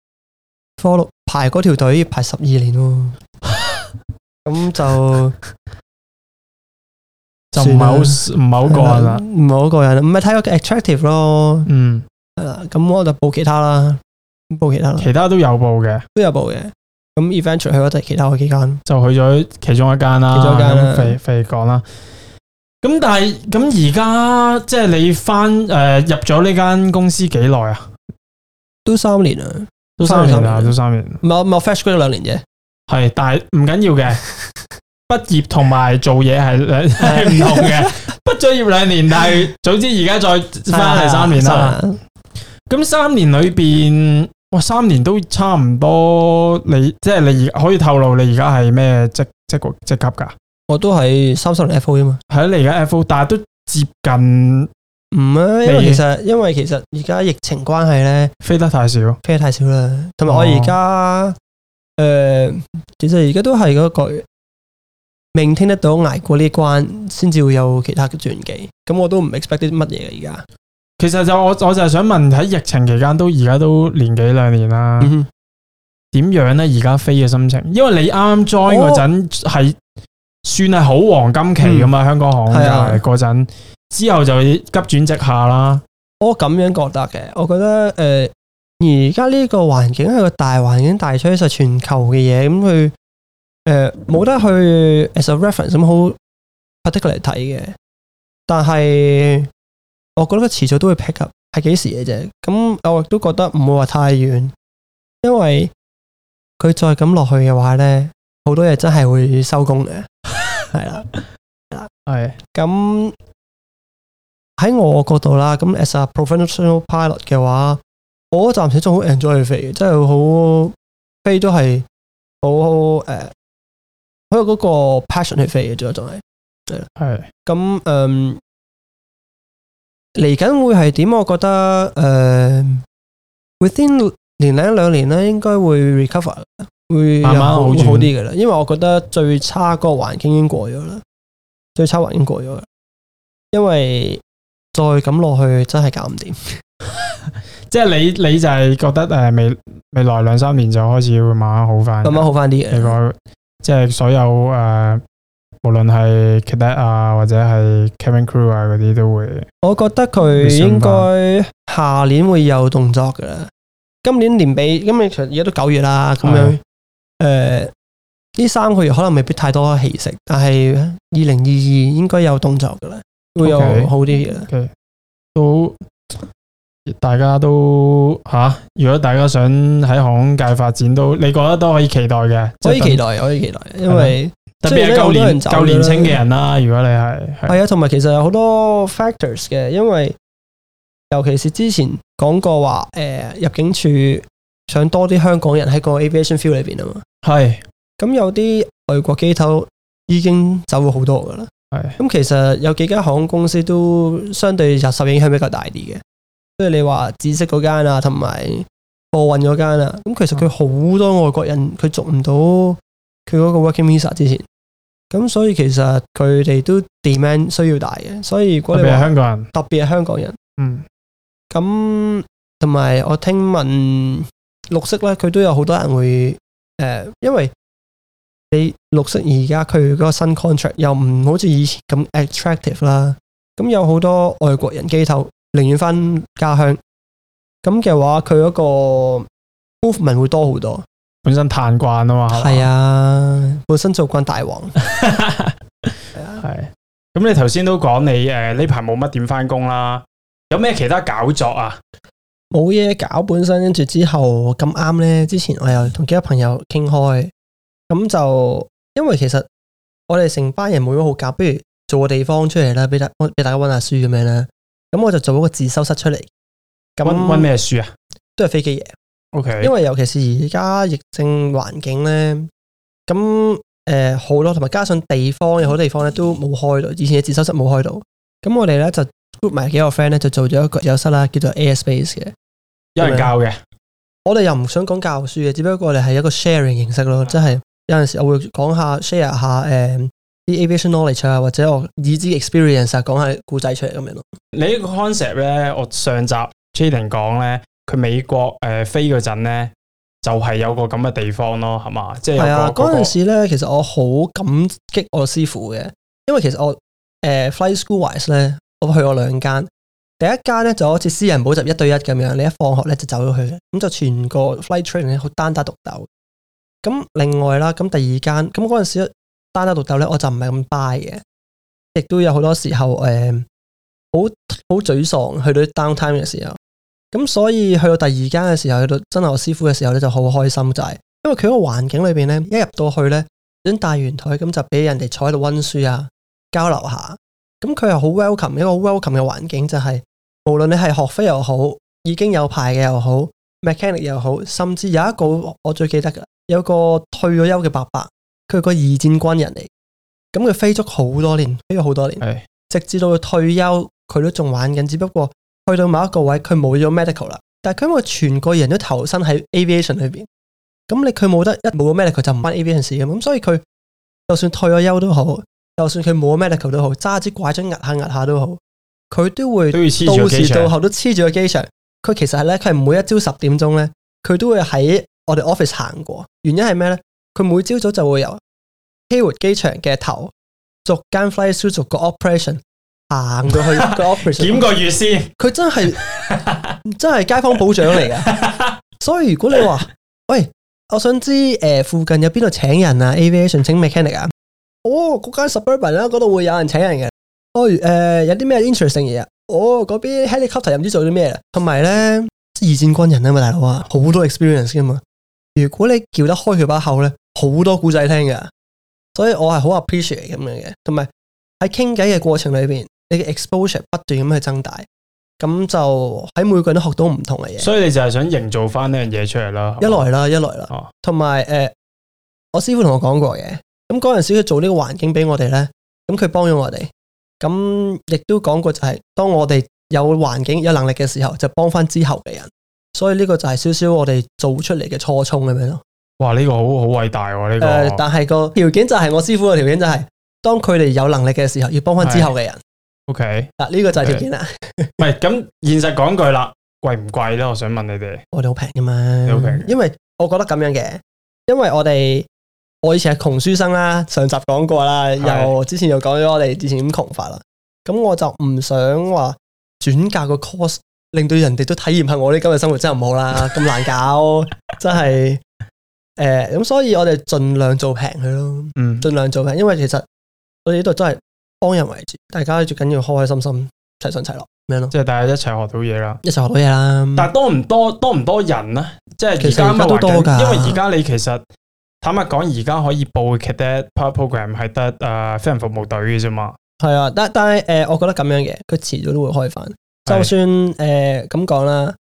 科六排嗰條隊排十二年咯，咁 就就唔係好唔係好個人啦，唔係好個人，唔係太有 attractive 咯。嗯，係啦，咁我就報其他啦，報其他啦，其他都有報嘅，都有報嘅。咁 eventually 去咗其他嘅幾間，就去咗其中一間啦，其中一間肥肥講啦。咁但係咁而家即係你翻誒、呃、入咗呢間公司幾耐啊？都三年啦。都三年啦，都三年。冇冇 fresh grad 兩年嘅，係，但係唔緊要嘅。畢 業同埋做嘢係兩唔同嘅。畢 咗業兩年，但係總之而家再翻嚟三年啦。咁 三、啊啊年，啊、年裏邊，哇三年都差唔多。你即係、就是、你而可以透露你而家係咩職職級職級噶？我都係三十 level 啊嘛。係、啊、你而家 level 但係都接近。唔啊，因為其實，因為其實而家疫情關係呢，飛得太少，飛得太少啦。同埋我而家誒，其實而家都係嗰句，明聽得到捱過呢關，先至會有其他嘅轉機。咁我都唔 expect 啲乜嘢而家。其實就我我就係想問喺疫情期間都而家都年幾兩年啦，點、嗯、樣呢？而家飛嘅心情，因為你啱啱 join 嗰陣係算係好黃金期㗎嘛，嗯，香港行又係嗰陣。之後就急轉直下啦。我咁樣覺得嘅，我覺得誒，而家呢個環境係個大環境大趨勢全球嘅嘢，咁佢誒冇得去 as a reference 咁好 particular 嚟睇嘅。但係我覺得佢遲早都會 pick up，係幾時嘅啫？咁我亦都覺得唔會話太遠，因為佢再咁落去嘅話咧，好多嘢真係會收工嘅。係 啦，係啦，係咁。喺我角度啦，咁 as a professional pilot 嘅話，我暫時都好 enjoy 去飛，即係好飛都係好誒，呃、有嗰個 passion 去飛嘅，啫。仲係係。咁誒，嚟、嗯、緊會係點？我覺得誒、呃、within 年零兩年咧，應該會 recover，會有慢慢好啲嘅啦。因為我覺得最差個環境已經過咗啦，最差環境過咗啦，因為。再咁落去，真係搞唔掂。 即係你，你就係覺得誒，未未來兩三年就開始會慢慢好翻，咁樣好翻啲。即係所有誒、呃，無論係 Cadet 啊，或者係 Cabin Crew 啊，嗰啲都會。我覺得佢應該下年會有動作噶、嗯。今年年尾，今年，其實而家都九月啦，咁樣誒，呢、呃、三個月可能未必太多氣息，但係二零二二應該有動作噶啦。會有好啲嘅，都、okay. okay. so, 大家都吓、啊。如果大家想喺航空界發展都，都你覺得都可以期待嘅。可以期待，可以期待，因為、嗯、特別係夠年夠年輕嘅人啦。如果你係係啊，同埋其實有好多 factors 嘅，因為尤其是之前講過話，誒、呃、入境處想多啲香港人喺個 aviation field 裏邊啊嘛。係咁，有啲外國機構已經走咗好多噶啦。咁、嗯嗯、其實有幾間航空公司都相對就受影響比較大啲嘅，即係你話紫色嗰間啊，同埋貨運嗰間啊。咁、嗯嗯、其實佢好多外國人，佢續唔到佢嗰個 working visa 之前，咁所以其實佢哋都 demand 需要大嘅。所以如果你係香港人，特別係香港人，嗯，咁同埋我聽聞綠色咧，佢都有好多人會誒、呃，因為。你綠色而家佢嗰個新 contract 又唔好似以前咁 attractive 啦，咁有好多外國人機頭寧願翻家鄉，咁嘅話佢嗰個 movement 會多好多。本身嘆慣啊嘛，係啊，本身做慣大王。係 是、啊，咁、 啊、你頭先都講你誒呢排冇乜點翻工，啦，有咩其他搞作啊？冇嘢搞，本身跟住之後咁啱咧，之前我又同其他朋友傾開。咁就因為其實我哋成班人冇乜好夾，不如做個地方出嚟啦，俾大俾大家温下書咁樣呢？咁我就做咗個自修室出嚟。咁温咩書啊？都係飛機嘢。O K。因為尤其是而家疫症環境咧，咁誒、呃、好多，同埋加上地方有好多地方咧都冇開到，以前嘅自修室冇開到。咁我哋咧就 group 埋幾個 friend 咧就做咗一個自修室啦，叫做 Air Space 嘅。有人教嘅？我哋又唔想講教書嘅，只不過我哋係一個 sharing 形式咯，即、嗯、係。有陣時我會講下 share 下誒啲 aviation knowledge 啊，或者我已知 experience 啊，講下古仔出嚟咁樣咯。你呢個 concept 咧，我上集 training 講咧，佢美國誒、呃、飛嗰陣咧，就係有個咁嘅地方咯，係嘛？即係啊，嗰陣時咧，其實我好感激我師傅嘅，因為其實我誒、呃、flight school wise 咧，我去過兩間，第一間咧就好似私人補習一對一咁樣，你一放學咧就走咗去，咁就全個 flight training 好單打獨鬥。咁另外啦，咁第二間，咁嗰陣時單打獨鬥咧，我就唔係咁 buy 嘅，亦都有好多時候誒，好、呃、好沮喪去到 down time 嘅時候。咁所以去到第二間嘅時候，去到真係我師傅嘅時候咧，就好開心就係，因為佢嗰個環境裏邊咧，一入到去咧，咁大圓台咁就俾人哋坐喺度溫書啊，交流下。咁佢又好 welcome，一個好 welcome 嘅環境就係、是，無論你係學飛又好，已經有牌嘅又好。mechanic 又好，甚至有一個我最記得嘅，有個退咗休嘅伯伯，佢係個二戰軍人嚟，咁佢飛足好多年，飛咗好多年，直至到佢退休，佢都仲玩緊，只不過去到某一個位，佢冇咗 medical 啦。但係佢因為全個人都投身喺 aviation 裏邊，咁你佢冇得一冇咗 medical 就唔關 aviation 事嘅，咁所以佢就算退咗休都好，就算佢冇 medical 都好，揸支拐杖壓下壓下都好，佢都會到時到後都黐住個機場。佢其實係咧，佢係每一朝十點鐘咧，佢都會喺我哋 office 行過。原因係咩咧？佢每朝早就會由 k e y w o o d 機場嘅頭逐間 fly through 逐個 operation 行，行過去個 operation 點個意思。佢 真係的 真係街坊保長嚟㗎。所以如果你話喂，我想知誒、呃、附近有邊度請人啊？Aviation 請 mechanic 啊？哦，嗰間 suburban 咧，嗰度會有人請人嘅。哦，誒、呃，有啲咩 interesting 嘢？哦，嗰邊 Helicopter 又唔知做啲咩，同埋咧，二戰軍人啊嘛，大佬啊，好多 experience 噶嘛。如果你叫得開佢把口咧，好多古仔聽噶。所以我係好 appreciate 咁樣嘅，同埋喺傾偈嘅過程裏邊，你嘅 exposure 不斷咁去增大，咁就喺每個人都學到唔同嘅嘢。所以你就係想營造翻呢樣嘢出嚟啦，一來啦，一來啦，同埋誒，我師傅同我講過嘅。咁嗰陣時佢做呢個環境俾我哋咧，咁佢幫咗我哋。咁亦都講過，就係當我哋有環境、有能力嘅時候，就幫翻之後嘅人。所以呢個就係少少我哋做出嚟嘅初衷咁樣咯。哇！呢、這個好好偉大呢、啊這個。呃、但係個條件就係我師傅嘅條件就係、是，當佢哋有能力嘅時候，要幫翻之後嘅人。O K，嗱呢個就係條件啦。唔係咁，現實講句啦，貴唔貴呢？我想問你哋。我哋好平噶嘛？好平。因為我覺得咁樣嘅，因為我哋。我以前係窮書生啦，上集講過啦，又之前又講咗我哋之前咁窮法啦，咁我就唔想話轉嫁個 course，令到人哋都體驗下我啲今日生活真係唔好啦，咁 難搞，真係誒，咁、呃、所以我哋盡量做平佢咯，嗯，盡量做平，因為其實我哋呢度真係幫人為主，大家最緊要開開心心，齊上齊落，咩咯？即係大家一齊學到嘢啦，一齊學到嘢啦，但係多唔多，多唔多人啊？即係其實因為而家你其實。坦白講，而家可以報嘅 cadet program 係得誒飛行服務隊嘅啫嘛。係啊，但但係誒、呃，我覺得咁樣嘅，佢遲早都會開翻。就算誒咁講啦，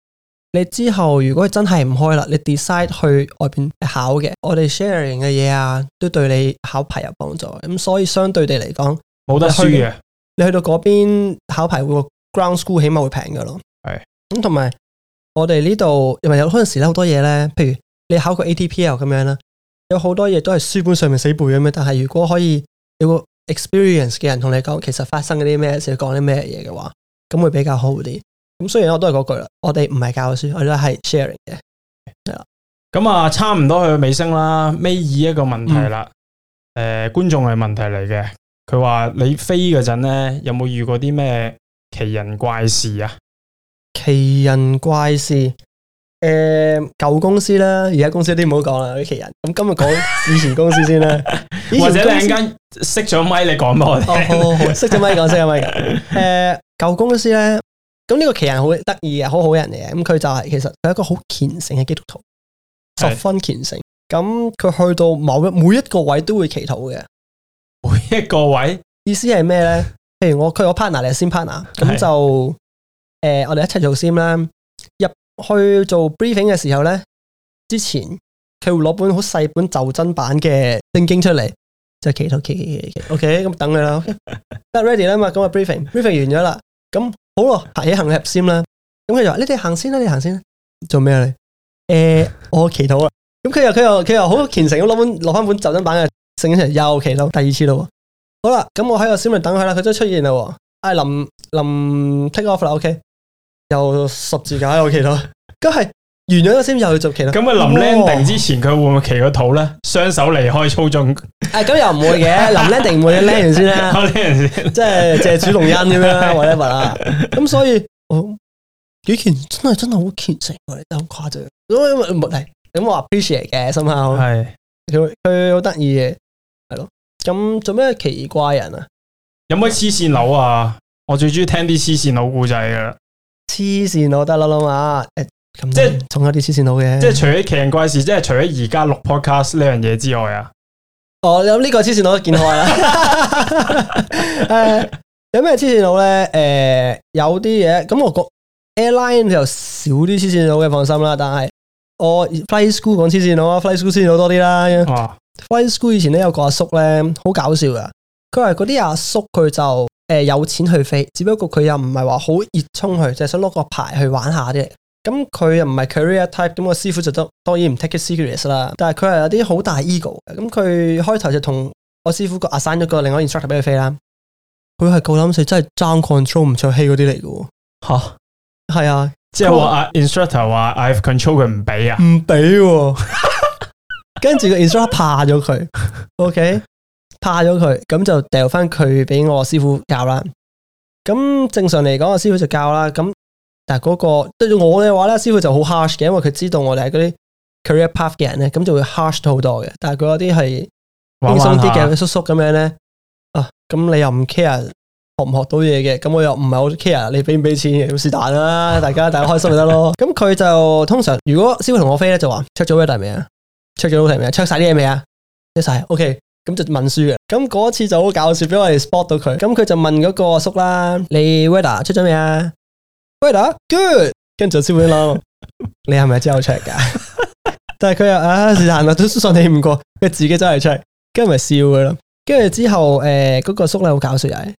你之後如果真係唔開啦，你 decide 去外邊考嘅，我哋 sharing 嘅嘢啊，都對，對你考牌有幫助。咁所以相對地嚟講，冇得輸嘅，啊。你去到嗰邊考牌，個 ground school 起碼會平噶咯。係咁，嗯，同埋我哋呢度，因為有嗰陣時咧，好多嘢咧，譬如你考個 ATPL 咁樣啦。有好多嘢都係書本上面死背嘅咩？但係如果可以有個 experience 嘅人同你講，其實發生嗰啲咩事，講啲咩嘢嘅話，咁會比較好啲。咁雖然我都係嗰句啦，我哋唔係教書，我哋都係 sharing 嘅。咁啊，差唔多去尾聲啦。尾二一個問題啦，誒，觀眾係問題嚟嘅。佢話你飛嗰陣咧，有冇遇過啲咩奇人怪事啊？奇人怪事。誒、嗯，舊公司啦，而家公司啲唔好講啦，啲奇人。咁今日講以前公司先啦 ，或者你陣間熄咗咪你講波、哦。好好好，熄咗咪講先，咗咪誒，舊、 嗯、公司咧，咁呢個奇人好得意嘅，好好人嚟嘅。咁佢就係、是、其實佢係一個好虔誠嘅基督徒，十分虔誠。咁佢、嗯、去到某一每一個位都會祈禱嘅，每一個位意思係咩咧？譬如我佢我 partner，你係 s partner，咁就誒、呃，我哋一齊做先啦。去做 briefing 嘅時候咧，之前佢會攞本好細本袖珍版嘅聖經出嚟，就祈禱祈禱嘅。O K，咁等佢啦。O K，得 ready 啦嘛，咁啊 briefing，briefing 完咗啦。咁好咯，行起行入先啦。咁佢就話：你哋行先啦，你行先啦，做咩啊？誒、欸，我祈禱啦。咁佢又佢又佢又好虔誠，咁攞本攞翻本袖珍版嘅聖經出嚟，又祈禱第二次啦。好啦，咁我喺個小木等佢啦，佢都出現啦。阿林林 take off 啦。O K。又十字架，有其他，梗係完咗先又去做其他。咁、哎、 啊，臨 landing 之前佢會唔會騎個肚咧？雙手離開操縱，誒，咁又唔會嘅。臨 landing 唔會 landing 先啦，即係借主隆恩咁樣或者乜啦。咁所以，羽泉真係真係好虔誠，真係好誇張。因為唔係 e 話 base 嚟嘅，心口係佢佢好得意嘅，係咯。咁做咩奇怪人啊？有咩黐線佬啊？我最中意聽啲黐線佬故仔黐線佬得啦嘛，即係仲有啲黐線佬嘅，即係除咗奇人怪事，即係除咗而家錄 podcast 呢樣嘢之外啊。哦，咁、嗯、呢、這個黐線佬都見開啊。誒，有咩黐線佬咧？誒、呃，有啲嘢咁，我覺 airline 就少啲黐線佬嘅，放心啦。但係我 fly school 講黐線佬，fly school 啊黐線佬多啲啦。 fly school 以前咧有個阿叔咧，好搞笑噶。佢話嗰啲阿叔佢就。誒，有錢去飛，只不過佢又唔係話好熱衷去，就係、是、想攞個牌去玩下啫。咁佢又唔係 career type，咁我師傅就得，當然唔 take it serious 啦。但係佢係有啲好大 ego，咁佢開頭就同我師傅個 assign 咗個另外一 instructor 俾佢飛啦。佢係夠膽死真不的，真係 control 唔出氣嗰啲嚟嘅。吓，係啊，即、就、係、是、我 instructor 話，I have control 佢唔俾啊，唔俾、啊，不啊、 跟住個 instructor 怕咗佢，OK。怕咗佢，咁就掉翻佢俾我師傅教啦。咁正常嚟講，我師傅就教啦。咁但係嗰、嗰個對住我嘅話咧，師傅就好 harsh 嘅，因為佢知道我哋係嗰啲 career path 嘅人咧，咁就會 harsh 好多嘅。但係佢有啲係輕鬆啲嘅叔叔咁樣咧。啊，咁你又唔 care 學唔學到嘢嘅？咁我又唔係好 care 你俾唔俾錢嘅。是但啦，大家大家開心咪得咯。咁 佢就通常如果師傅同我飛咧，就話 check 咗 weather 未啊？check 咗好睇未啊？check 晒啲嘢未啊？check 晒 OK。咁就問書嘅，咁嗰次就好搞笑，俾我哋 spot 到佢，咁佢就問嗰個阿叔啦，你 w e a t e r 出咗未啊 w e a t e r good，跟住師傅就， 你係咪真好出噶？ 但係佢又啊，是但啊，都信你唔過，佢自己真係出，跟住咪笑佢咯。跟住之後，誒、呃，嗰、那個叔咧好搞笑嘅，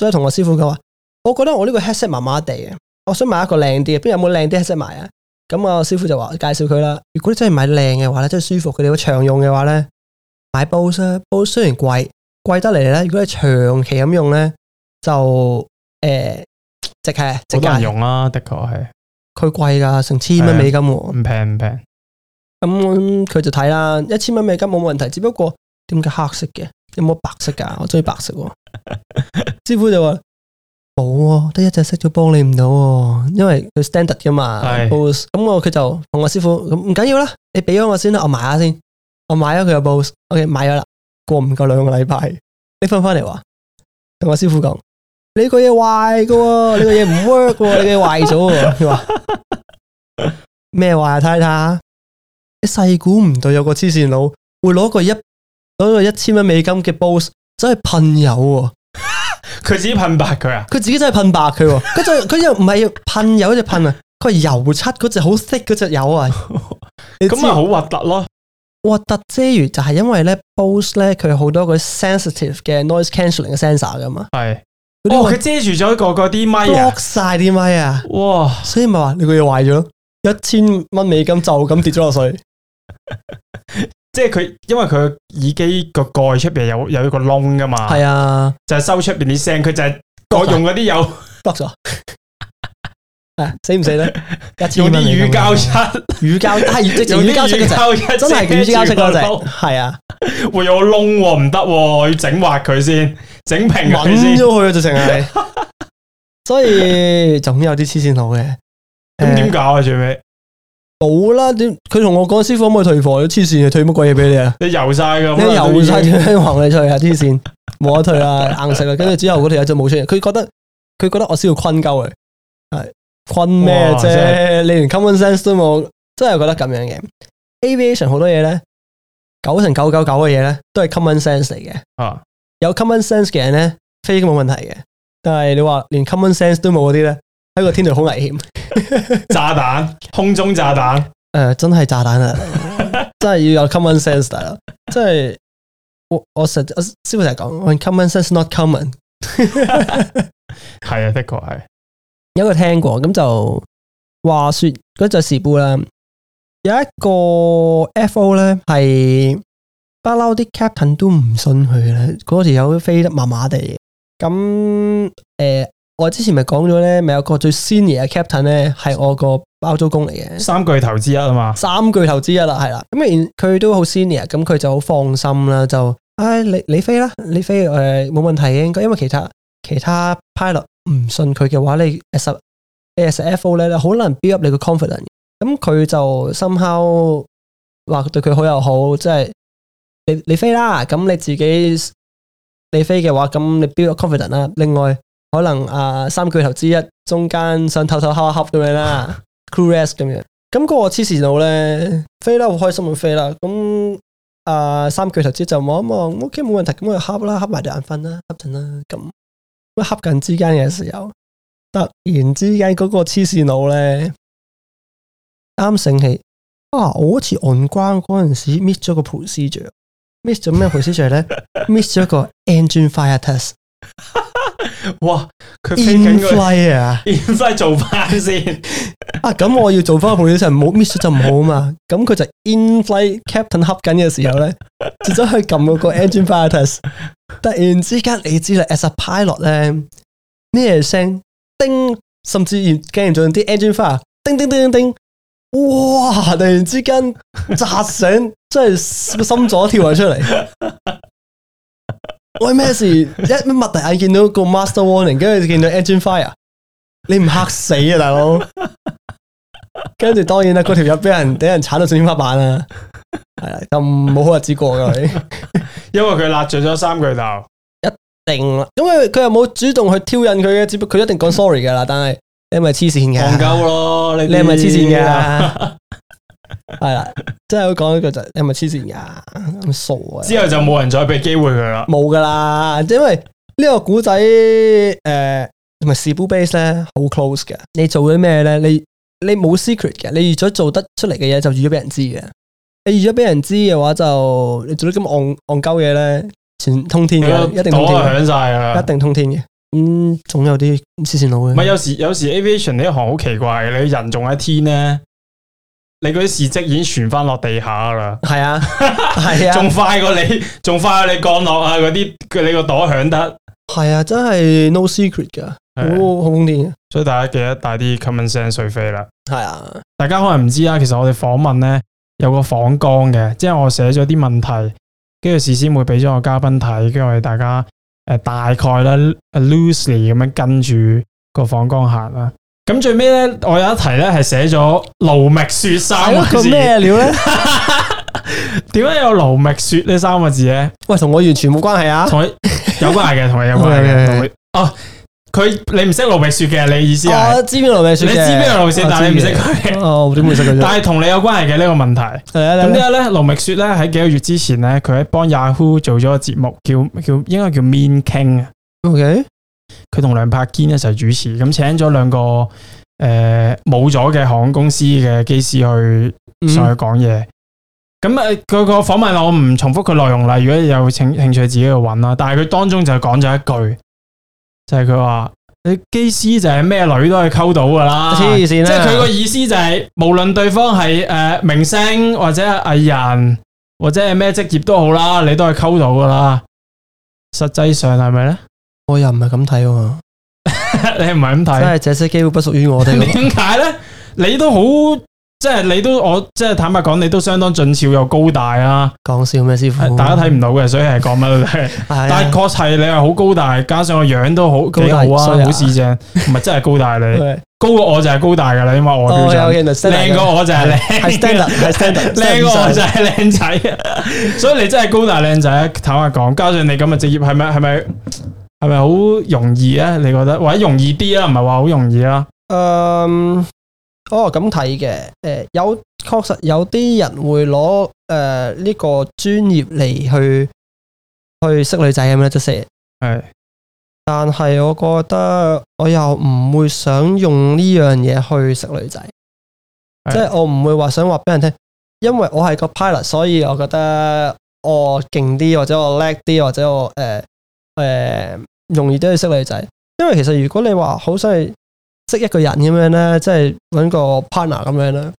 所以同我師傅佢話，我覺得我呢個 head 色麻麻地嘅，我想買一個靚啲嘅，邊有冇靚啲 head t 賣啊？咁阿師傅就話介紹佢啦。如果你真係買靚嘅話咧，真係舒服嘅，要長用嘅話咧。買 Bose 咧，Bose 雖然貴，貴得嚟咧。如果你長期咁用咧，就誒值係值得，值得用啦、啊，的確係。佢貴噶，成千蚊美金，唔平唔平。咁佢、嗯嗯、就睇啦，一千蚊美金冇問題。只不過點解黑色嘅，有冇白色噶？我中意白色。 師傅就話冇，得、啊、一隻色都幫你唔到、啊，因為佢 standard 噶嘛。係。咁我佢就同我師傅咁唔緊要啦，你俾咗我先啦，我買下先。我買咗佢個 Bose，ok、okay, s 買咗啦。過唔夠兩個禮拜，你翻翻嚟話同我師傅講：你個嘢壞㗎，你個嘢唔 work，你嘅壞咗。佢 話咩壞啊？太太，你細估唔到有個黐綫佬會攞個一攞個一千蚊美金嘅 Bose，s 真係噴油 啊！佢自己噴白佢啊！佢自己真係噴白佢。佢就佢又唔係噴油，只噴啊！佢係油漆嗰隻好色嗰隻油啊！咁 咪，好核突咯！哇、哦！突遮住就係因為咧，Bose 咧佢好多個 sensitive 嘅 noise cancelling sensor 噶嘛。係，佢遮住咗一個啲咪 mic 啊，塞啲咪啊。哇！所以咪話你個嘢壞咗，一千蚊美金就咁跌咗落水。 即係佢，因為佢耳機個蓋出邊有有一個窿噶嘛。係啊，就係、是、收出邊啲聲，佢就係各用嗰啲有 lock 咗。死唔死咧？有啲乳膠漆，乳膠係乳膠漆嘅仔，真係乳膠漆嘅仔，係啊，會有窿喎、啊，唔得、啊，我要整滑佢先，整平佢先，穩去啊。直情係，所以總有啲黐線佬嘅，咁點搞啊？最尾冇啦，點？佢同我講，師傅可唔可以退貨？黐線，退乜鬼嘢俾你啊？你油晒噶，你油晒香行你出去啊？黐線，冇得退啦，硬食啦。跟住之後嗰條友就冇出嚟，佢覺得佢覺得我需要坤鳩佢，係。困咩啫？你連 common sense 都冇，真係覺得咁樣嘅。aviation 好多嘢咧，九成九九九嘅嘢咧，都係 common sense 嚟嘅。啊，有 common sense 嘅人咧，飛都冇問題嘅。但係你話連 common sense 都冇嗰啲咧，喺個天度好危險。炸彈，空中炸彈，誒，真係炸彈啊！真係要有 common sense 大佬，真係我我成我師傅成日講，common sense not common。係啊，的確係。有一個聽過咁就話說嗰隻事故啦，有一個 F.O. 咧係不嬲啲 Captain 都唔信佢嘅，嗰時有飛得麻麻地。咁誒、呃，我之前咪講咗咧，咪有個最 Senior 嘅 Captain 咧，係我個包租公嚟嘅，三巨頭之一啊嘛。三巨頭之一啦，係啦。咁然佢都好 Senior，咁佢就好放心啦。就，唉、哎，你你飛啦，你飛誒冇、呃、問題嘅，應該因為其他其他 Pilot。唔信佢嘅話你 a s SFO 你咧，好難 build up 你個 confidence。咁佢就心口話對佢好又好，即係你你飛啦。咁你自己你飛嘅話，咁你 build up confidence 啦。另外可能啊、呃，三巨頭之一中間想偷偷敲一敲咁樣啦，cool rest 咁樣。咁、那、嗰個黐線佬咧，飛啦，好開心去飛啦。咁啊、呃，三巨頭之一望一望 ，ok 冇問題，咁就敲啦，敲埋對眼瞓啦，敲陣啦，咁。恰近之間嘅時候，突然之間嗰個黐線佬咧，啱醒起啊！我好似 o 光嗰陣時 miss 咗個盤絲雀，miss 咗咩盤絲雀咧？miss 咗個 engine fire test。哇 in flight，in flight 做翻先啊！咁、啊、我要做翻個配就唔好 miss 就唔好嘛！咁佢就 in flight captain 恰緊嘅時候咧，直 走去撳嗰個 engine fire test 突然之間，你知道 as a pilot 咧咩聲？叮，甚至然竟然仲有啲 engine fire，叮叮叮叮叮！哇！突然之間扎醒，真係心咗跳咗出嚟。喂，咩事？一擘大眼見到個 Master Warning，跟住就見到 engine fire，你唔嚇死啊，大佬？跟 住當然啦，嗰條友俾人俾人鏟到上天花板啦，係啦，咁冇好日子過噶，你 ？因為佢賴住咗三巨頭，一定啦。因為佢又冇主動去挑釁佢嘅，只不過佢一定講 sorry 噶啦。但係你係咪黐線嘅？戇鳩咯，你你係咪黐線嘅？ 係 啦，即係佢講一句就係咪黐線噶傻啊！之後就冇人再俾機會佢啦，冇噶啦，因為個、呃、呢個古仔誒，同埋史部 base 咧好 close 嘅。你做咗咩咧？你你冇 secret 嘅，你預咗做得出嚟嘅嘢就預咗俾人知嘅，你預咗俾人知嘅話就，就你做啲咁戇戇鳩嘢咧，傳通天嘅，一定響晒啊！一定通天嘅， 天 天 嗯，總有啲黐線佬嘅。唔係有時有時 aviation 呢一行好奇怪，你人仲喺天咧。你嗰啲事蹟已經傳翻落地下啦，係啊，係啊，仲快過你，仲快過你降落啊！嗰啲佢你個朵響得，係啊，真係 no secret 噶，好驚、啊哦！所以大家記得帶啲 common sense 碎飛啦。係啊，大家可能唔知啊，其實我哋訪問咧有個訪綱嘅，即係我寫咗啲問題，跟住事先會俾咗個嘉賓睇，跟住我哋大家誒、呃、大概啦、呃、loosely 咁樣跟住個訪綱行啊。咁最尾咧，我有一題咧，係寫咗盧覓雪三個字。咩料咧？點 解有盧覓雪呢三個字咧？喂，同我完全冇關係啊！同佢有關係嘅，同佢有關係嘅，同、okay. 佢、哦。哦，佢你唔識盧覓雪嘅？你意思啊？我知邊盧覓雪嘅，你知邊盧覓雪，但係你唔識佢。哦，點會識佢？但係同、哦、你有關係嘅呢個問題。咁點解咧？盧覓雪咧喺幾個月之前咧，佢喺幫 Yahoo 做咗個節目，叫叫應該叫 Mean King 啊。Okay。佢同梁柏堅一齊主持，咁請咗兩個誒冇咗嘅航空公司嘅機師去上去講嘢。咁、嗯、啊，佢個訪問我唔重複佢內容啦，如果有興趣自己去揾啦。但係佢當中就講咗一句，就係佢話：你機師就係咩女都係溝到噶啦，黐線！即係佢個意思就係、是，無論對方係誒、呃、明星或者係藝人或者係咩職業都好啦，你都係溝到噶啦。實際上係咪呢？我又唔係咁睇喎， 你唔係咁睇，真係這些機會不屬於我哋、那個。點解咧？你都好，即係你都我，即係坦白講，你都相當俊俏又高大啊！講笑咩？師傅，大家睇唔到嘅，所以係講乜都得？但係確係你係好高大，加上個樣都好高大好啊，啊，好事啫。唔係真係高大你， 高過我就係高大噶啦，因為我靚過、oh, okay, okay, 我就係靚，係 stand，靚過我就係靚仔，所以你真係高大靚仔，坦白講，加上你咁嘅職業係咪係咪？是係咪好容易咧？你覺得或者容易啲啦，唔係話好容易啦。嗯，哦咁睇嘅。誒、呃，有確實有啲人會攞誒呢個專業嚟，去去識女仔咁樣，即係。係。但係我覺得我又唔會想用呢樣嘢去識女仔，即係、就是、我唔會話想話俾人聽，因為我係個 pilot，所以我覺得我勁啲或者我叻啲或者我誒。呃誒、呃，容易都係識女仔，因為其實如果你話好想係識一個人咁樣咧，即係搵個 partner 咁樣咧，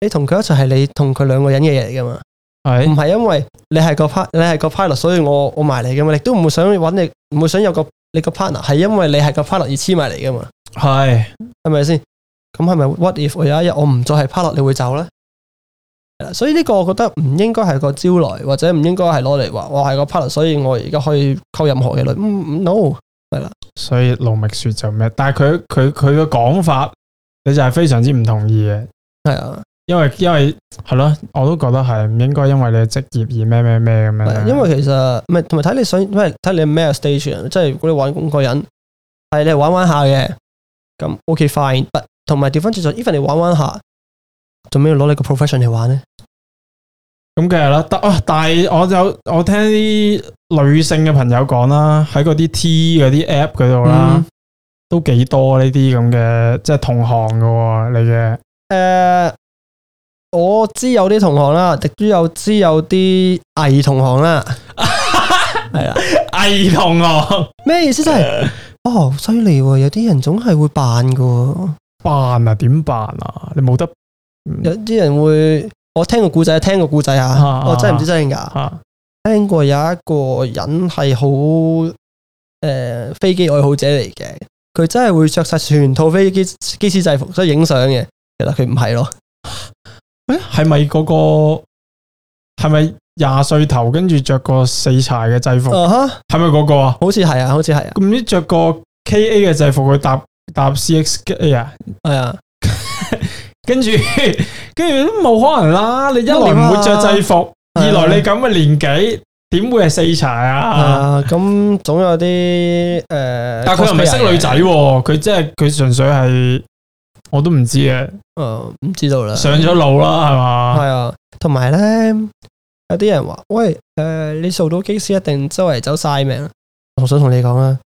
你同佢一齊係你同佢兩個人嘅嘢嚟噶嘛，係唔係？因為你係個 partner，你係個 partner，所以我我埋嚟噶嘛，你都唔會想搵你，唔會想有個你個 partner，係因為你係個 partner 而黐埋嚟噶嘛，係係咪先？咁係咪 what if 有一日我唔再係 partner，你會走咧？所以呢個我覺得唔應該係個招來，或者唔應該係攞嚟話，我係個 partner，所以我而家可以溝任何嘅女。唔 no 係啦。所以盧密雪就咩？但係佢佢佢嘅講法，你就係非常之唔同意嘅。係啊，因為因為係咯，我都覺得係唔應該因為你嘅職業而咩咩咩咁樣。因為其實唔係，同埋睇你想咩？睇你咩 stage 啊？即係如果你玩咁個人，係你玩玩下嘅，咁 ok fine 但。但係同埋調翻轉就，even 你玩玩下。做咩要攞你個 profession 嚟玩呢？咁梗係啦，但係、哦、我就，我聽啲女性嘅朋友講啦，喺嗰啲 T 嗰啲 app 嗰度啦，都幾多呢啲咁嘅即係同行嘅、哦、你嘅。誒、呃，我知有啲同行啦，亦都又知有啲偽同行啦。係 啦、啊，偽同行咩意思？即、呃、係哦，犀利、哦！有啲人總係會扮嘅，扮啊？點扮啊？你冇得。有啲人會，我聽過故仔，聽過故仔啊，我真係唔知真定假、啊。聽過有一個人係好誒飛機愛好者嚟嘅，佢真係會着晒全套飛機機師制服，所以影相嘅。其實佢唔係咯。誒、那個，係咪嗰個係咪廿歲頭跟住着個四柴嘅制服？啊哈，係咪嗰個啊？好似係啊，好似係啊。咁呢着個 K A 嘅制服去搭搭 C X A 啊？係啊。跟住，跟住都冇可能啦！你一來唔會着制服、嗯，二來你咁嘅年紀，點、嗯、會係四柴啊？咁、嗯嗯、總有啲誒、呃，但佢又唔係識女仔，佢即係佢純粹係，我都唔知嘅。誒，唔知道啦、嗯嗯，上咗路啦，係、嗯、嘛？係啊，同埋咧，有啲人話，喂，誒、呃，你做到機師一定周圍走晒命。我想同你講啊。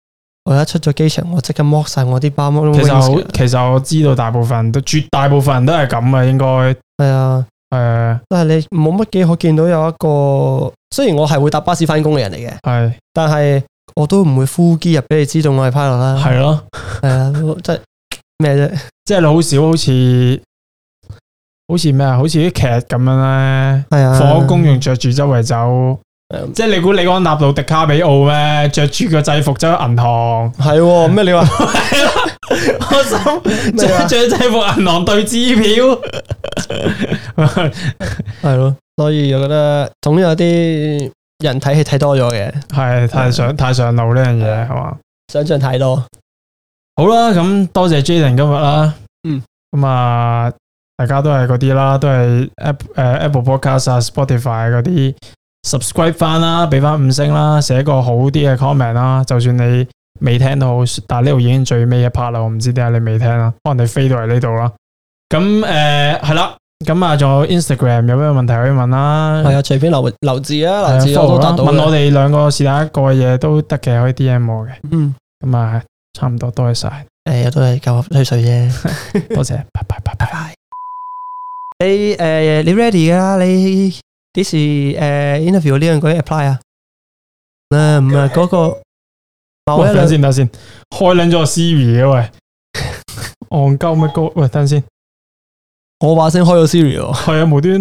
我一出咗機場，我即刻剝晒我啲包。其實其實我知道大部分，都絕大部分人都係咁呀，應該係啊，誒、啊，都係你冇乜幾可見到有一個。雖然我係會搭巴士返工嘅人嚟嘅，係、啊,但係我都唔會呼機入俾你知道我係 Pilot 啦。係咯、啊，係啊，啊， 啊，即係咩啫？即係你好少，好似好似咩啊？好似啲劇咁樣咧，係、嗯、啊，放工用着住周圍走。即係你估李安納度迪卡比奧咩？着住個制服走去銀行係咩？你話、哦、 我着着制服銀行兌支票係咯， 所以我覺得總有啲人睇戲睇多咗嘅，係太太上腦呢樣嘢，係嘛？想象太多好啦，咁多謝 Jason 今日啦。嗯，咁啊、嗯，大家都係嗰啲啦，都係 App 誒、呃、，Apple Podcast 啊，Spotify 嗰啲。subscribe 翻啦，俾翻五星啦，寫個好啲嘅 comment 啦，就算你未聽到，但呢度已經最尾一 part 啦，我唔知點解你未聽啦，可能你飛到嚟呢度啦。咁誒係啦，咁啊仲有 Instagram 有咩問題可以問啦？係啊，隨便留留字啊，留字，字、呃、我都答到問我哋兩個是但一個嘢都得嘅，可以 DM 我嘅。嗯，咁啊，差唔多，多謝晒。誒、欸，都係吹下水水啫， 多謝。拜拜拜拜。你誒，你 ready 噶、呃、你，你？幾時誒、呃、？Interview 呢樣嘢 apply 啊？唔係嗰個。等先，等先，開 link 咗 Siri 啊，喂，戇鳩乜鳩？喂，等先， 我把聲開咗 Siri 咯。係啊，無端。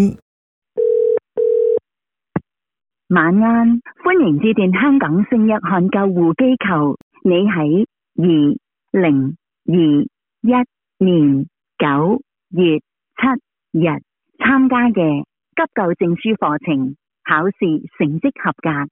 晚安，歡迎致電香港聖約翰救護機構。你喺二零二一年九月七日參加嘅。急救證書課程考試成績合格。